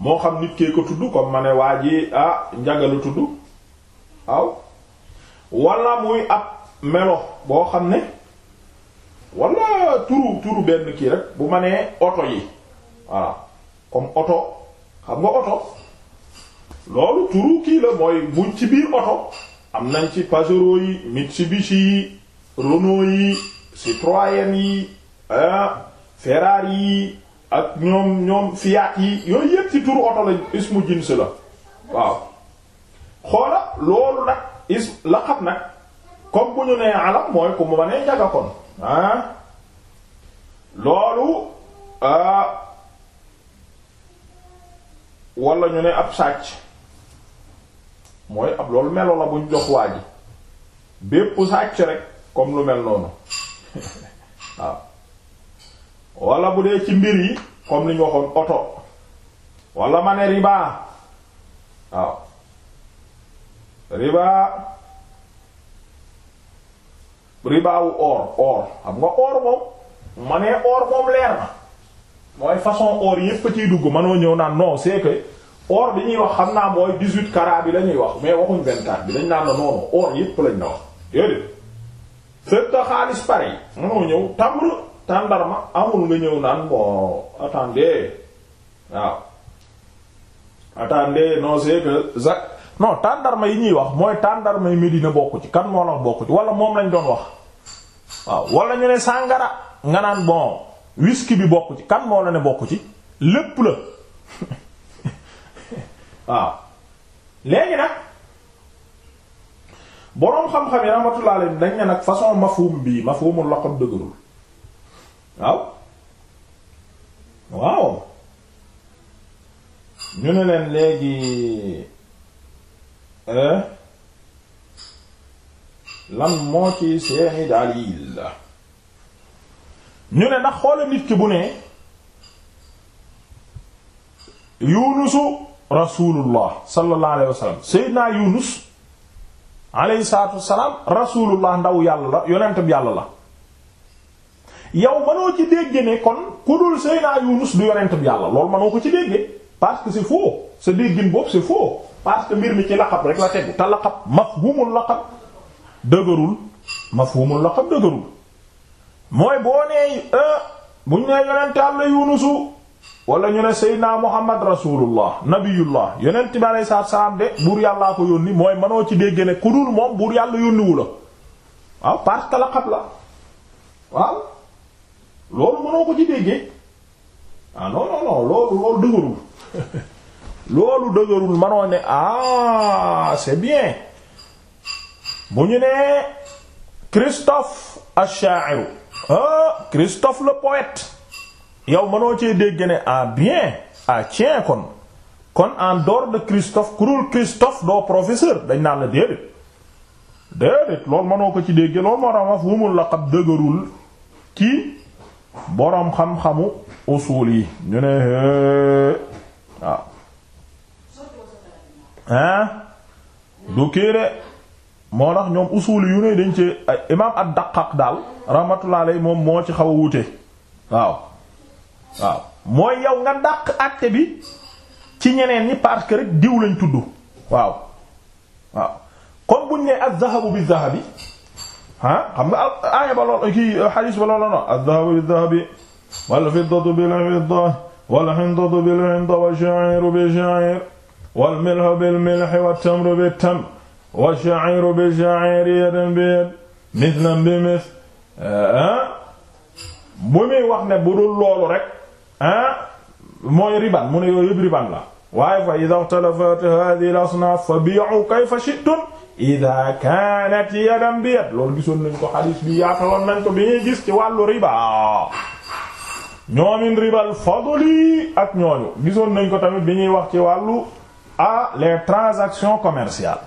moo xam nit kee ko tudd comme ma ne waa ji ah njagalu tudd waaw wala muy ab melo boo xam ne wala turu turu benn kii rek bu ma nee oto yi voilà comme oto xam nga oto loolu turu kii la mooy buñ ci biir oto am nañ ci Pajero yi Mitsubishi yi Renault yi Citroën yi Ferrari yi ak ñoom ñoom Fiat yi yooyu yëpp ci turu oto lañ ismu jins la waaw xoola loolu nag is laqab nag comme bu ñu nee alam mooy ku mu ma nee jaga kon ah. loolu ah. wala ñu ne ab sàcc mooy ab loolu melo la buñ jox waa ji bépp sàcc rek comme lu mel noonu waaw wala bu dee ci mbir yi comme li ñu waxoon oto wala ma ne riba waaw riba ribaawu or or xam nga or moom ma nee or moom leer na mooy façon or yépp ciy dugg manoo ñëw naan non c'est que or bi ñuy wax xam naa mooy dix-huit carats bi lañuy wax mais waxuñ vingt bi dañ naan la noonu or yépp lañ na wax déedéet fekk xaalis pare manoo ñëw tamru tàndarma amul nga ñëw naan bon attendez waaw attendez non c'est que tàndarma yi ñuy wax mooy tàndarma yi Medina bokku ci kan moo la bokku ci wala moom lañ doon wax waaw wala ñu ne sàngara nga naan bon whisky bi bokku ci kan moo la ne bokku ci lépp la waaw léegi nag boroom xam-xam yi rahmatullah alayhi dañ ne nag façon mafhum bii mafhumul laqab dëgërul waaw waaw ñu ne leen léegi euh, lan moo ci seeni dalil la ñu ne ndax xoola nit ki bu ne yunusu rasulullah sallallahu wa sallam seydinaa yunus alayhi salaatu wa salaam rasulullah ndaw yàlla la yonentam yàlla la yow mënoo ci dégg ne kon ku dul Seydina Yunus du yonent bi yàlla loolu mënoo ko ci dégg parce que c'est faux sa déggin boobu c'est faux parce que mbir mi ci laqab rek la tegu te laqab mafhumul laqab dëgërul mafhumul laqab dëgërul mooy boo nee euh, bu ñu nee yonent yàlla Yunusu wala ñu ne Seydina Muhammad rasulullah nabiyullah yonent bi alayhi salaatu salaam de buur yàllaa ko yónni mooy mënoo ci dégg ne ku moom buur yàlla yónniwu la waaw parce laqab la waaw. loolu mënoo ko ci déggee ah loolu loolu dëgërul loolu dëgërul mënoo ne ah c'est bien bu ñu nee Christophe ash-sha'ir ah Christophe le poète yow mënoo cee dégg ne ah bien ah cien con kon en dehors de Christophe kurul Christophe doo professeur dañ naan la déedéet déedéet loolu mënoo ko ci dégg loolu moo tax mafhumul laqab dëgërul kii. boroom xam-xamu usul yi ñu ne waaw hein du kii de moo tax ñoom usul yu ne dañ ci imaam ad-Daqaq daal rahmatullah moom moo ci xaw a wuute waaw waaw mooy yow nga dàq àtte bi ci ñeneen ñi parce diw lañ tudd waaw waaw comme buñ ne az-zahabu bi-zahabi ah xam nga aaya ba lool kii xadis ba lool na addahabu biddahabi walfiddatu bilfidda walxindatu bilxinda walshaciru bilshacir walmilxu bilmilxi wattamru bittamr walshaciru bilshaciri yadan bi yad mislan bi mis bu muy wax ne bu dul loolu rek ah mooy riban mu ne yooyu yëpp riban la waaye fa ida ixtalafat hadihi al asnaaf fa biicu kayfa shi'tum ida kanat yadan bi yad loolu gisoon nañ ko xadiis bi yaataloon nañ ko bi ñuy gis ci wàllu riba ñoomin ribal fadli ak ñooñu gisoon nañ ko tamit bi ñuy wax ci wàllu a les transactions commerciales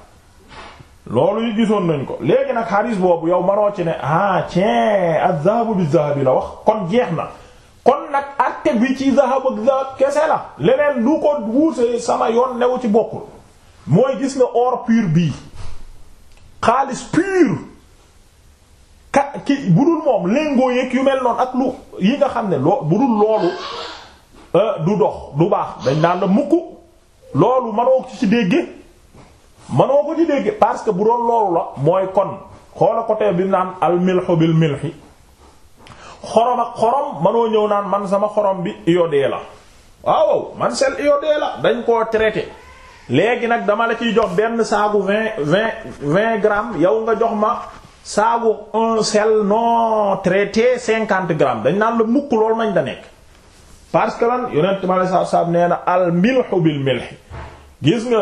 loolu yi gisoon nañ ko léegi nag xadiis boobu yow maroo ci ne ah tiens az-zahabu biz-zahabi la wax kon jeex na kon nag acte bi ci zahab kese la leneen lu ko wuutee sama yoon newu ci bokkul mooy gis nga or pur bii xaalis pur ka ki bu dul moom lingots yeeg yu mel noonu ak lu yi nga xam ne loo bu dul loolu euh, du dox du baax dañ naan la mukk loolu manoo ko ci dégge manoo ko ci dégge parce que bu doon loolu la mooy kon xoola côté bi naan al milxu bil milxi xorom ak xorom manoo ñëw naan man sama xorom bi iodé la waaw man sel iodé la dañ koo traité léegi nag dama la ciy jox benn saagu vingt vingt vingt grammes yow nga jox ma saagu un sel non traité cinquante grammes dañ naan la mukk loolu mañ da nekk parce que lan yonent ma la saab saab nee na al milhu bil milhi gis nga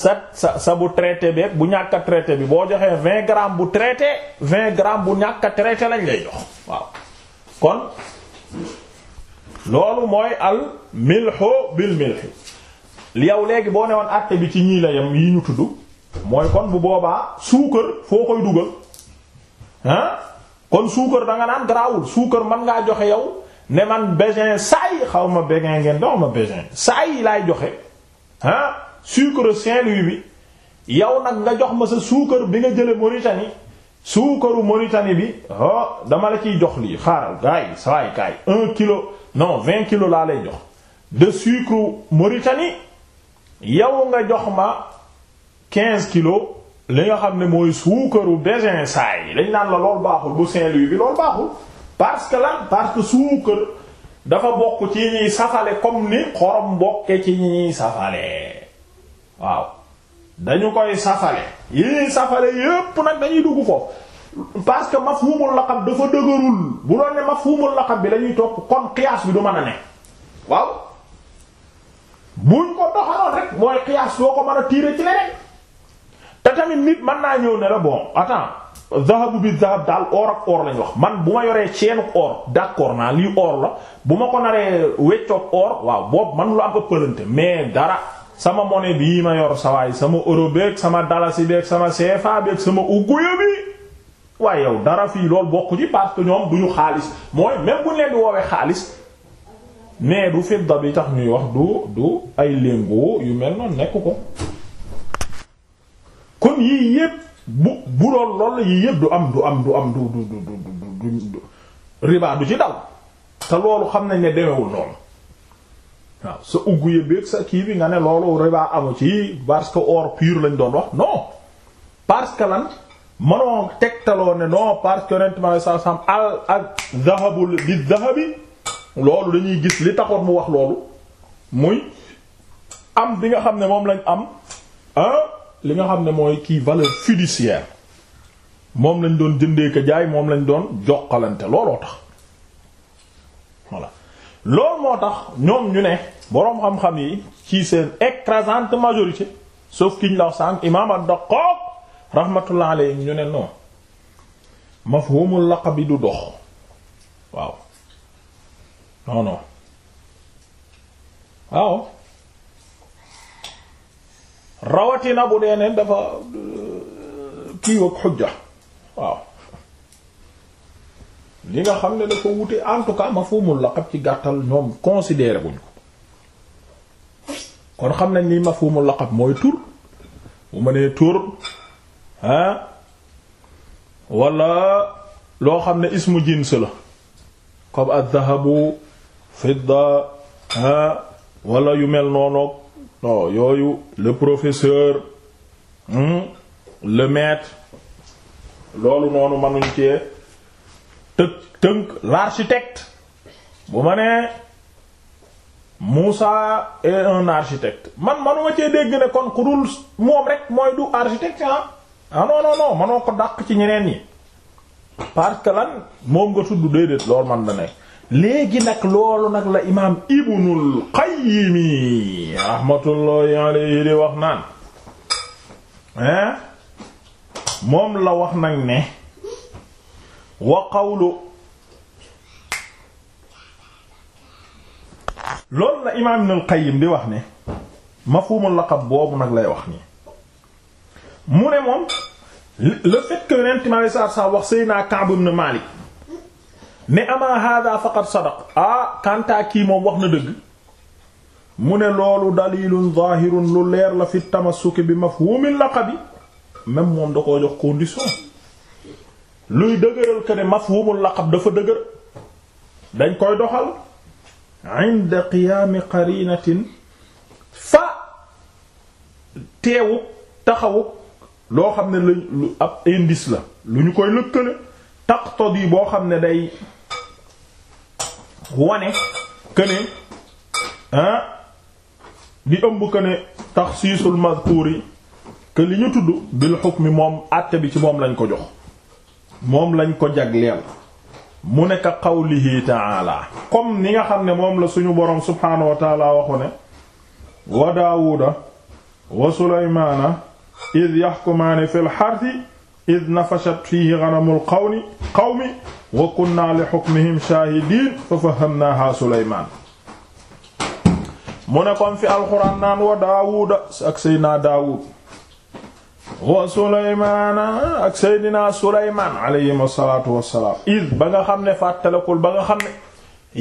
sa sa bu traité bi bu ñàkk a bi boo joxee vingt gramme bu traité vingt grammes bu ñàkk a lañ lay jox waaw kon loolu mooy al milhu bil milhi yow léegi boo newoon àtte bi ci ñii la yem yi ñu tudd mooy kon bu boobaa suukar foo koy dugal ah kon suukar da nga naan garaawul suukar man ngaa joxe yow ne man besin saay xaw ma besin ngeen dox ma besin saay laay joxe ah sucre Saint-Louis bi yow nag nga jox ma sa suukar bi nga jële Mauritanie suukaru Mauritanie bi oh dama la ciy jox lii xaaral gars yi saa yi un kilo non vingt kilo laa lay jox de sucre Mauritanie. yow nga jox ma quinze kilos li nga xam ne mooy suukaru besin saay dañ naan la lool baaxul bu Saint-Louis bi lool baaxul parce que la parce que suukar dafa bokk ci ñuy safale comme ni xorom bokke ci ñuy safale waaw dañu koy safale yi ñuy safale yépp nag dañuy dugg foofu parce que mafhumul laqab dafa dëgërul bu doon ne mafhumul laqab bi lañuy topp kon qiyaas bi du mën a ne waaw buñ ko doxaloon rek mooy xiyaas soo ko man a tiire ci leneen te tamit nit mën naa ñëw ne la bon attends zahabu bi zahab daal or ak or lañ wax man bu ma yoree ceenu or d'accord naa lii or la bu ma ko naree weccoog or waaw boobu man lu am ëppalante mais dara sama monnaie bii ma yor sawaay sama euro beeg sama dalasi beeg sama CFA beeg sama uguya bi waaye yow dara fii loolu bokku ci parce que ñoom duñu xaalis mooy même buñ leen di woowee xaalis mais du fidda yi tax ñuy wax du du ay lingots yu mel noonu nekk ko kon yii yépp bu bu doon lool yii yépp du am du am du am du du du du riba du ci dal te loolu xam nañ ne demewul noonu waaw sa ugg yëbeeg sa kii bi nga ne loolu riba amu ci parce que or pur lañ doon wax non parce que lan mënoo tegtaloo ne non parce que honnêtement sa sam al ak dahabul bi dahabi loolu dañuy gis li taxoon mu wax loolu muy am bi nga xam ne moom lañ am ah li nga xam ne mooy kii valeur fiduciaire moom lañ doon jëndee ko jaay moom lañ doon joxalante looloo tax voilà loolu moo tax ñoom ñu ne boroom xam-xam yi ci seen écrasante majorité sauf ki ñu la wax sànq imaam ad-Daqaq rahmatullah alayhi ñu ne non mafhumul laqab bi du dox waaw. non waaw rawatina bu dee dafa euh, kii xujja waaw li nga xam ne dafa wuti en tout cas mafhumul laqab ci gàttal ñoom considéré buñ ko kon xam nañ ni mafhumul laqab mooy tur bu ma nee tur ah wala loo xam ne ismu jins la comme ad-dhahabu fidda ah wala yu mel noonoog non yooyu le professeur hmm, le maître loolu noonu manuñ cee tëg tënk l'architecte bu ma nee Moussa est un architecte man manuma cee dégg ne kon ku dul moom rek mooy du architecte ah ah non non non ko dàq ci ñeneen yi parce que lan moom nga tudd déedéet loolu man la nekk léegi nag loolu nag la imaam Ibnul Qayyim rahmatullahi alayhi di wax naan moom la wax nag ne wa qawlu loolu la imaam Ibnul Qayyim di wax ne mafhumul laqab boobu nag lay wax nii mu ne moom le fait que Yonent mi alayhi salaatu wa salaam wax Seydina na ibn Maalik ne ama hada faqad sadaq ah kanta kii moom wax na dëgg mu ne loolu dalilun zaahirun lu leer la fi tamassuki bi mafhumil laqabi même moom da koo jox condition luy dëgëral que ne mafhumul laqab dafa dëgër dañ koy doxal inda qiyaami qarinatin fa teewuk taxawuk loo xam ne lu ab indice la lu ñu koy lëkkale taqtadi boo xam ne day wane que di ëmb que ne taxsiisul mazkuuri que li ñu tudd bil xukmi moom àtte bi ci moom lañ ko jox moom lañ ko jagleel mu ne xaw qawlihi ta'ala comme ni nga xam ne moom la suñu boroom subhaanahu wa waxu ne wa daawuda wa sulaymaana id yaxkumaani fil xarti id nafashat fiihi ganamul qawmi wa kunna li hukmihim shaahidiin fa fahamnaahaa Sulaymaan mu ne kon fi alxuraan naan wa Daawuda ak Seydina Daawud wa Sulaymaana ak Seydina Sulaymaan alayhim asalaatu id ba nga xam ne fàttalekul ba nga xam ne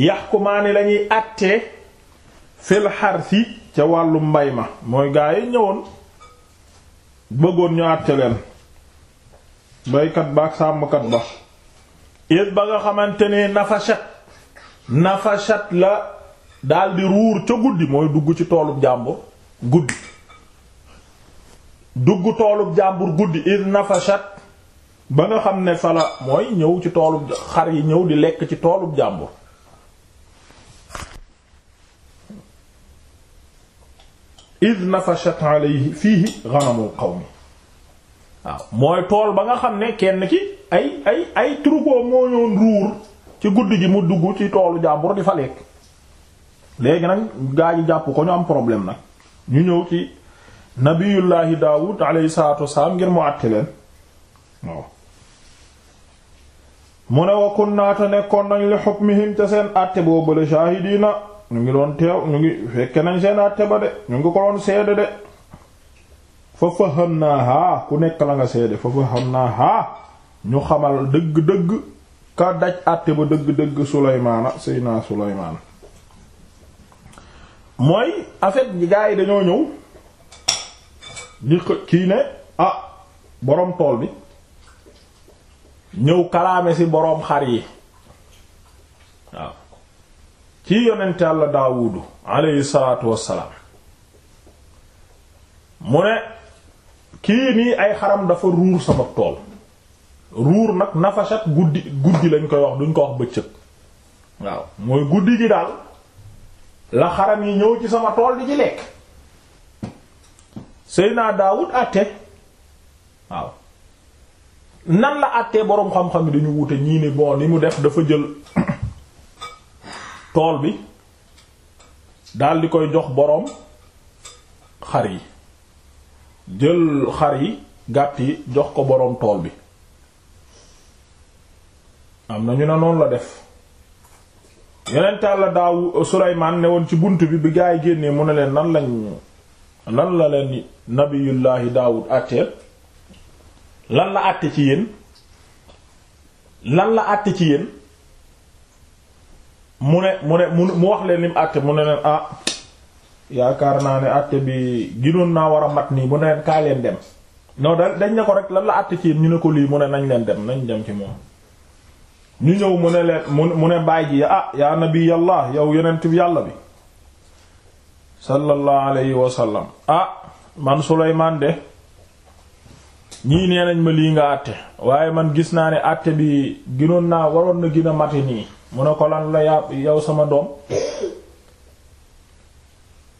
yaxkumaani la àttee fil xarsi ca wàllu mbay ma mooy gaa yi ñëwoon bëggoon ñu àtte baykat ba ak sàmmkat ba it ba nga xamante ne nafashat nafashat la daldi ruur ca guddi mooy dugg ci toolub jàmbur guddi dugg toolub jàmbur guddi it nafashat ba nga xam ne fala mooy ñëw ci toolub xar yi ñëw di lekk ci toolub jàmbur id nafashat alayhi fiihi ghanamul mi waaw mooy tool ba nga xam ne kenn ki ay ay ay troupeau moo ñoon ruur ci guddi gi mu dugg ci toolu jàmbur di fa lekk léegi nag gaa yi jàpp ko ñu am problème nag ñu ñëw ci nabiyullahi daawud alayhi salaatu wasalaam ngir mu àtte leen waaw mu ne wa kunnaata nekkoon nañ li hukmihim te seen àtte boobale shaahidiina ñu ngi doon teew ñu ngi fekke nañ seen àtte ba de ñu ngi ko doon seede de fa fahamnaaha ku nekk la nga seede fa fahamnaaha ñu xamal dëgg-dëgg ka daj àtte ba dëgg-dëgg Sulaymaana Seydina Sulaymaan mooy en fait gaa yi dañoo ñëw di kii ne ah boroom tool bi ñëw kalaame ci boroom xar yi waaw ci yonent Yàlla Daawudu alayhi mu ne kii nii ay xaram dafa ruur sama tool ruur nag nafashat guddi guddi lañ koy wax duñ ko wax bëccëg waaw mooy guddi gi daal la xaram yi ñëw ci sama tool di ci lekk Seydina Daawud àtte waaw nan la àttee boroom xam-xam yi dañu wute ñii ni bon ni mu def dafa jël tool bi daal di koy jox boroom xar yi jël xar yi gàtt yi jox ko boroom tool bi am na ñu ne noonu la def yeneen la daaw euh, Sulaymaan ne woon ci bunt bi bi gaa yi génnee mu ne leen nan lañ lan la leen nabiyullahi daawud àtteel lan la àtte ci yéen lan la àtte ci yéen mu ne mu ne mu wax leen lim àtte mu ne leen ah yaakaar naa ne àtte bi ginoon naa war a mat nii bu ne leen kaa leen dem non dañ ne ko rek lan la àtte ci ñu ne ko lii mu ne nañ leen dem nañ dem ci moom ñu ñëw mu ne leen mu ne bàyyi ji ah yaa nabiyallah yow yonent ti yàlla bi sallallahu alayhi wa ah man Sulaymaan de ñii nee nañ ma lii nga àtte waaye man gis naa ne àtte bi ginoon naa waroon na gën a mati nii mu ne ko lan la ya yow sama doom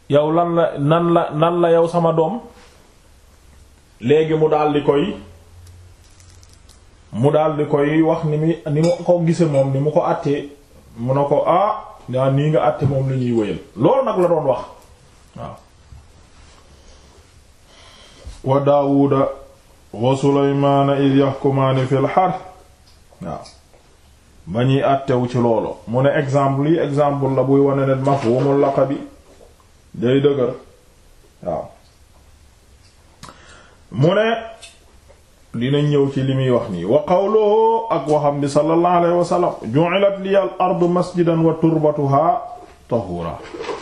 yow lan la nan la nan la yow sama doom léegi mu daldi koy mu daldi koy wax ni mu ni mu ko gise moom ni mu ko àttee mu ne ko ah daa nii nga àtte moom la ñuy wëyal loolu nag la doon wax waaw wa daawuda wa sulaymaana id yaxkumaani fil harth waaw ba ñuy àttewu ci loolu mu ne exemple yi exemple la buy wane ne mafhumul bi day dëgër waaw mu ne dina ñëw ci li muy wax nii wa qawluhu ak waxam bi sallallahu alayhi wa sallam ju'ilat liya al ardu masjidan wa turbatuha tahura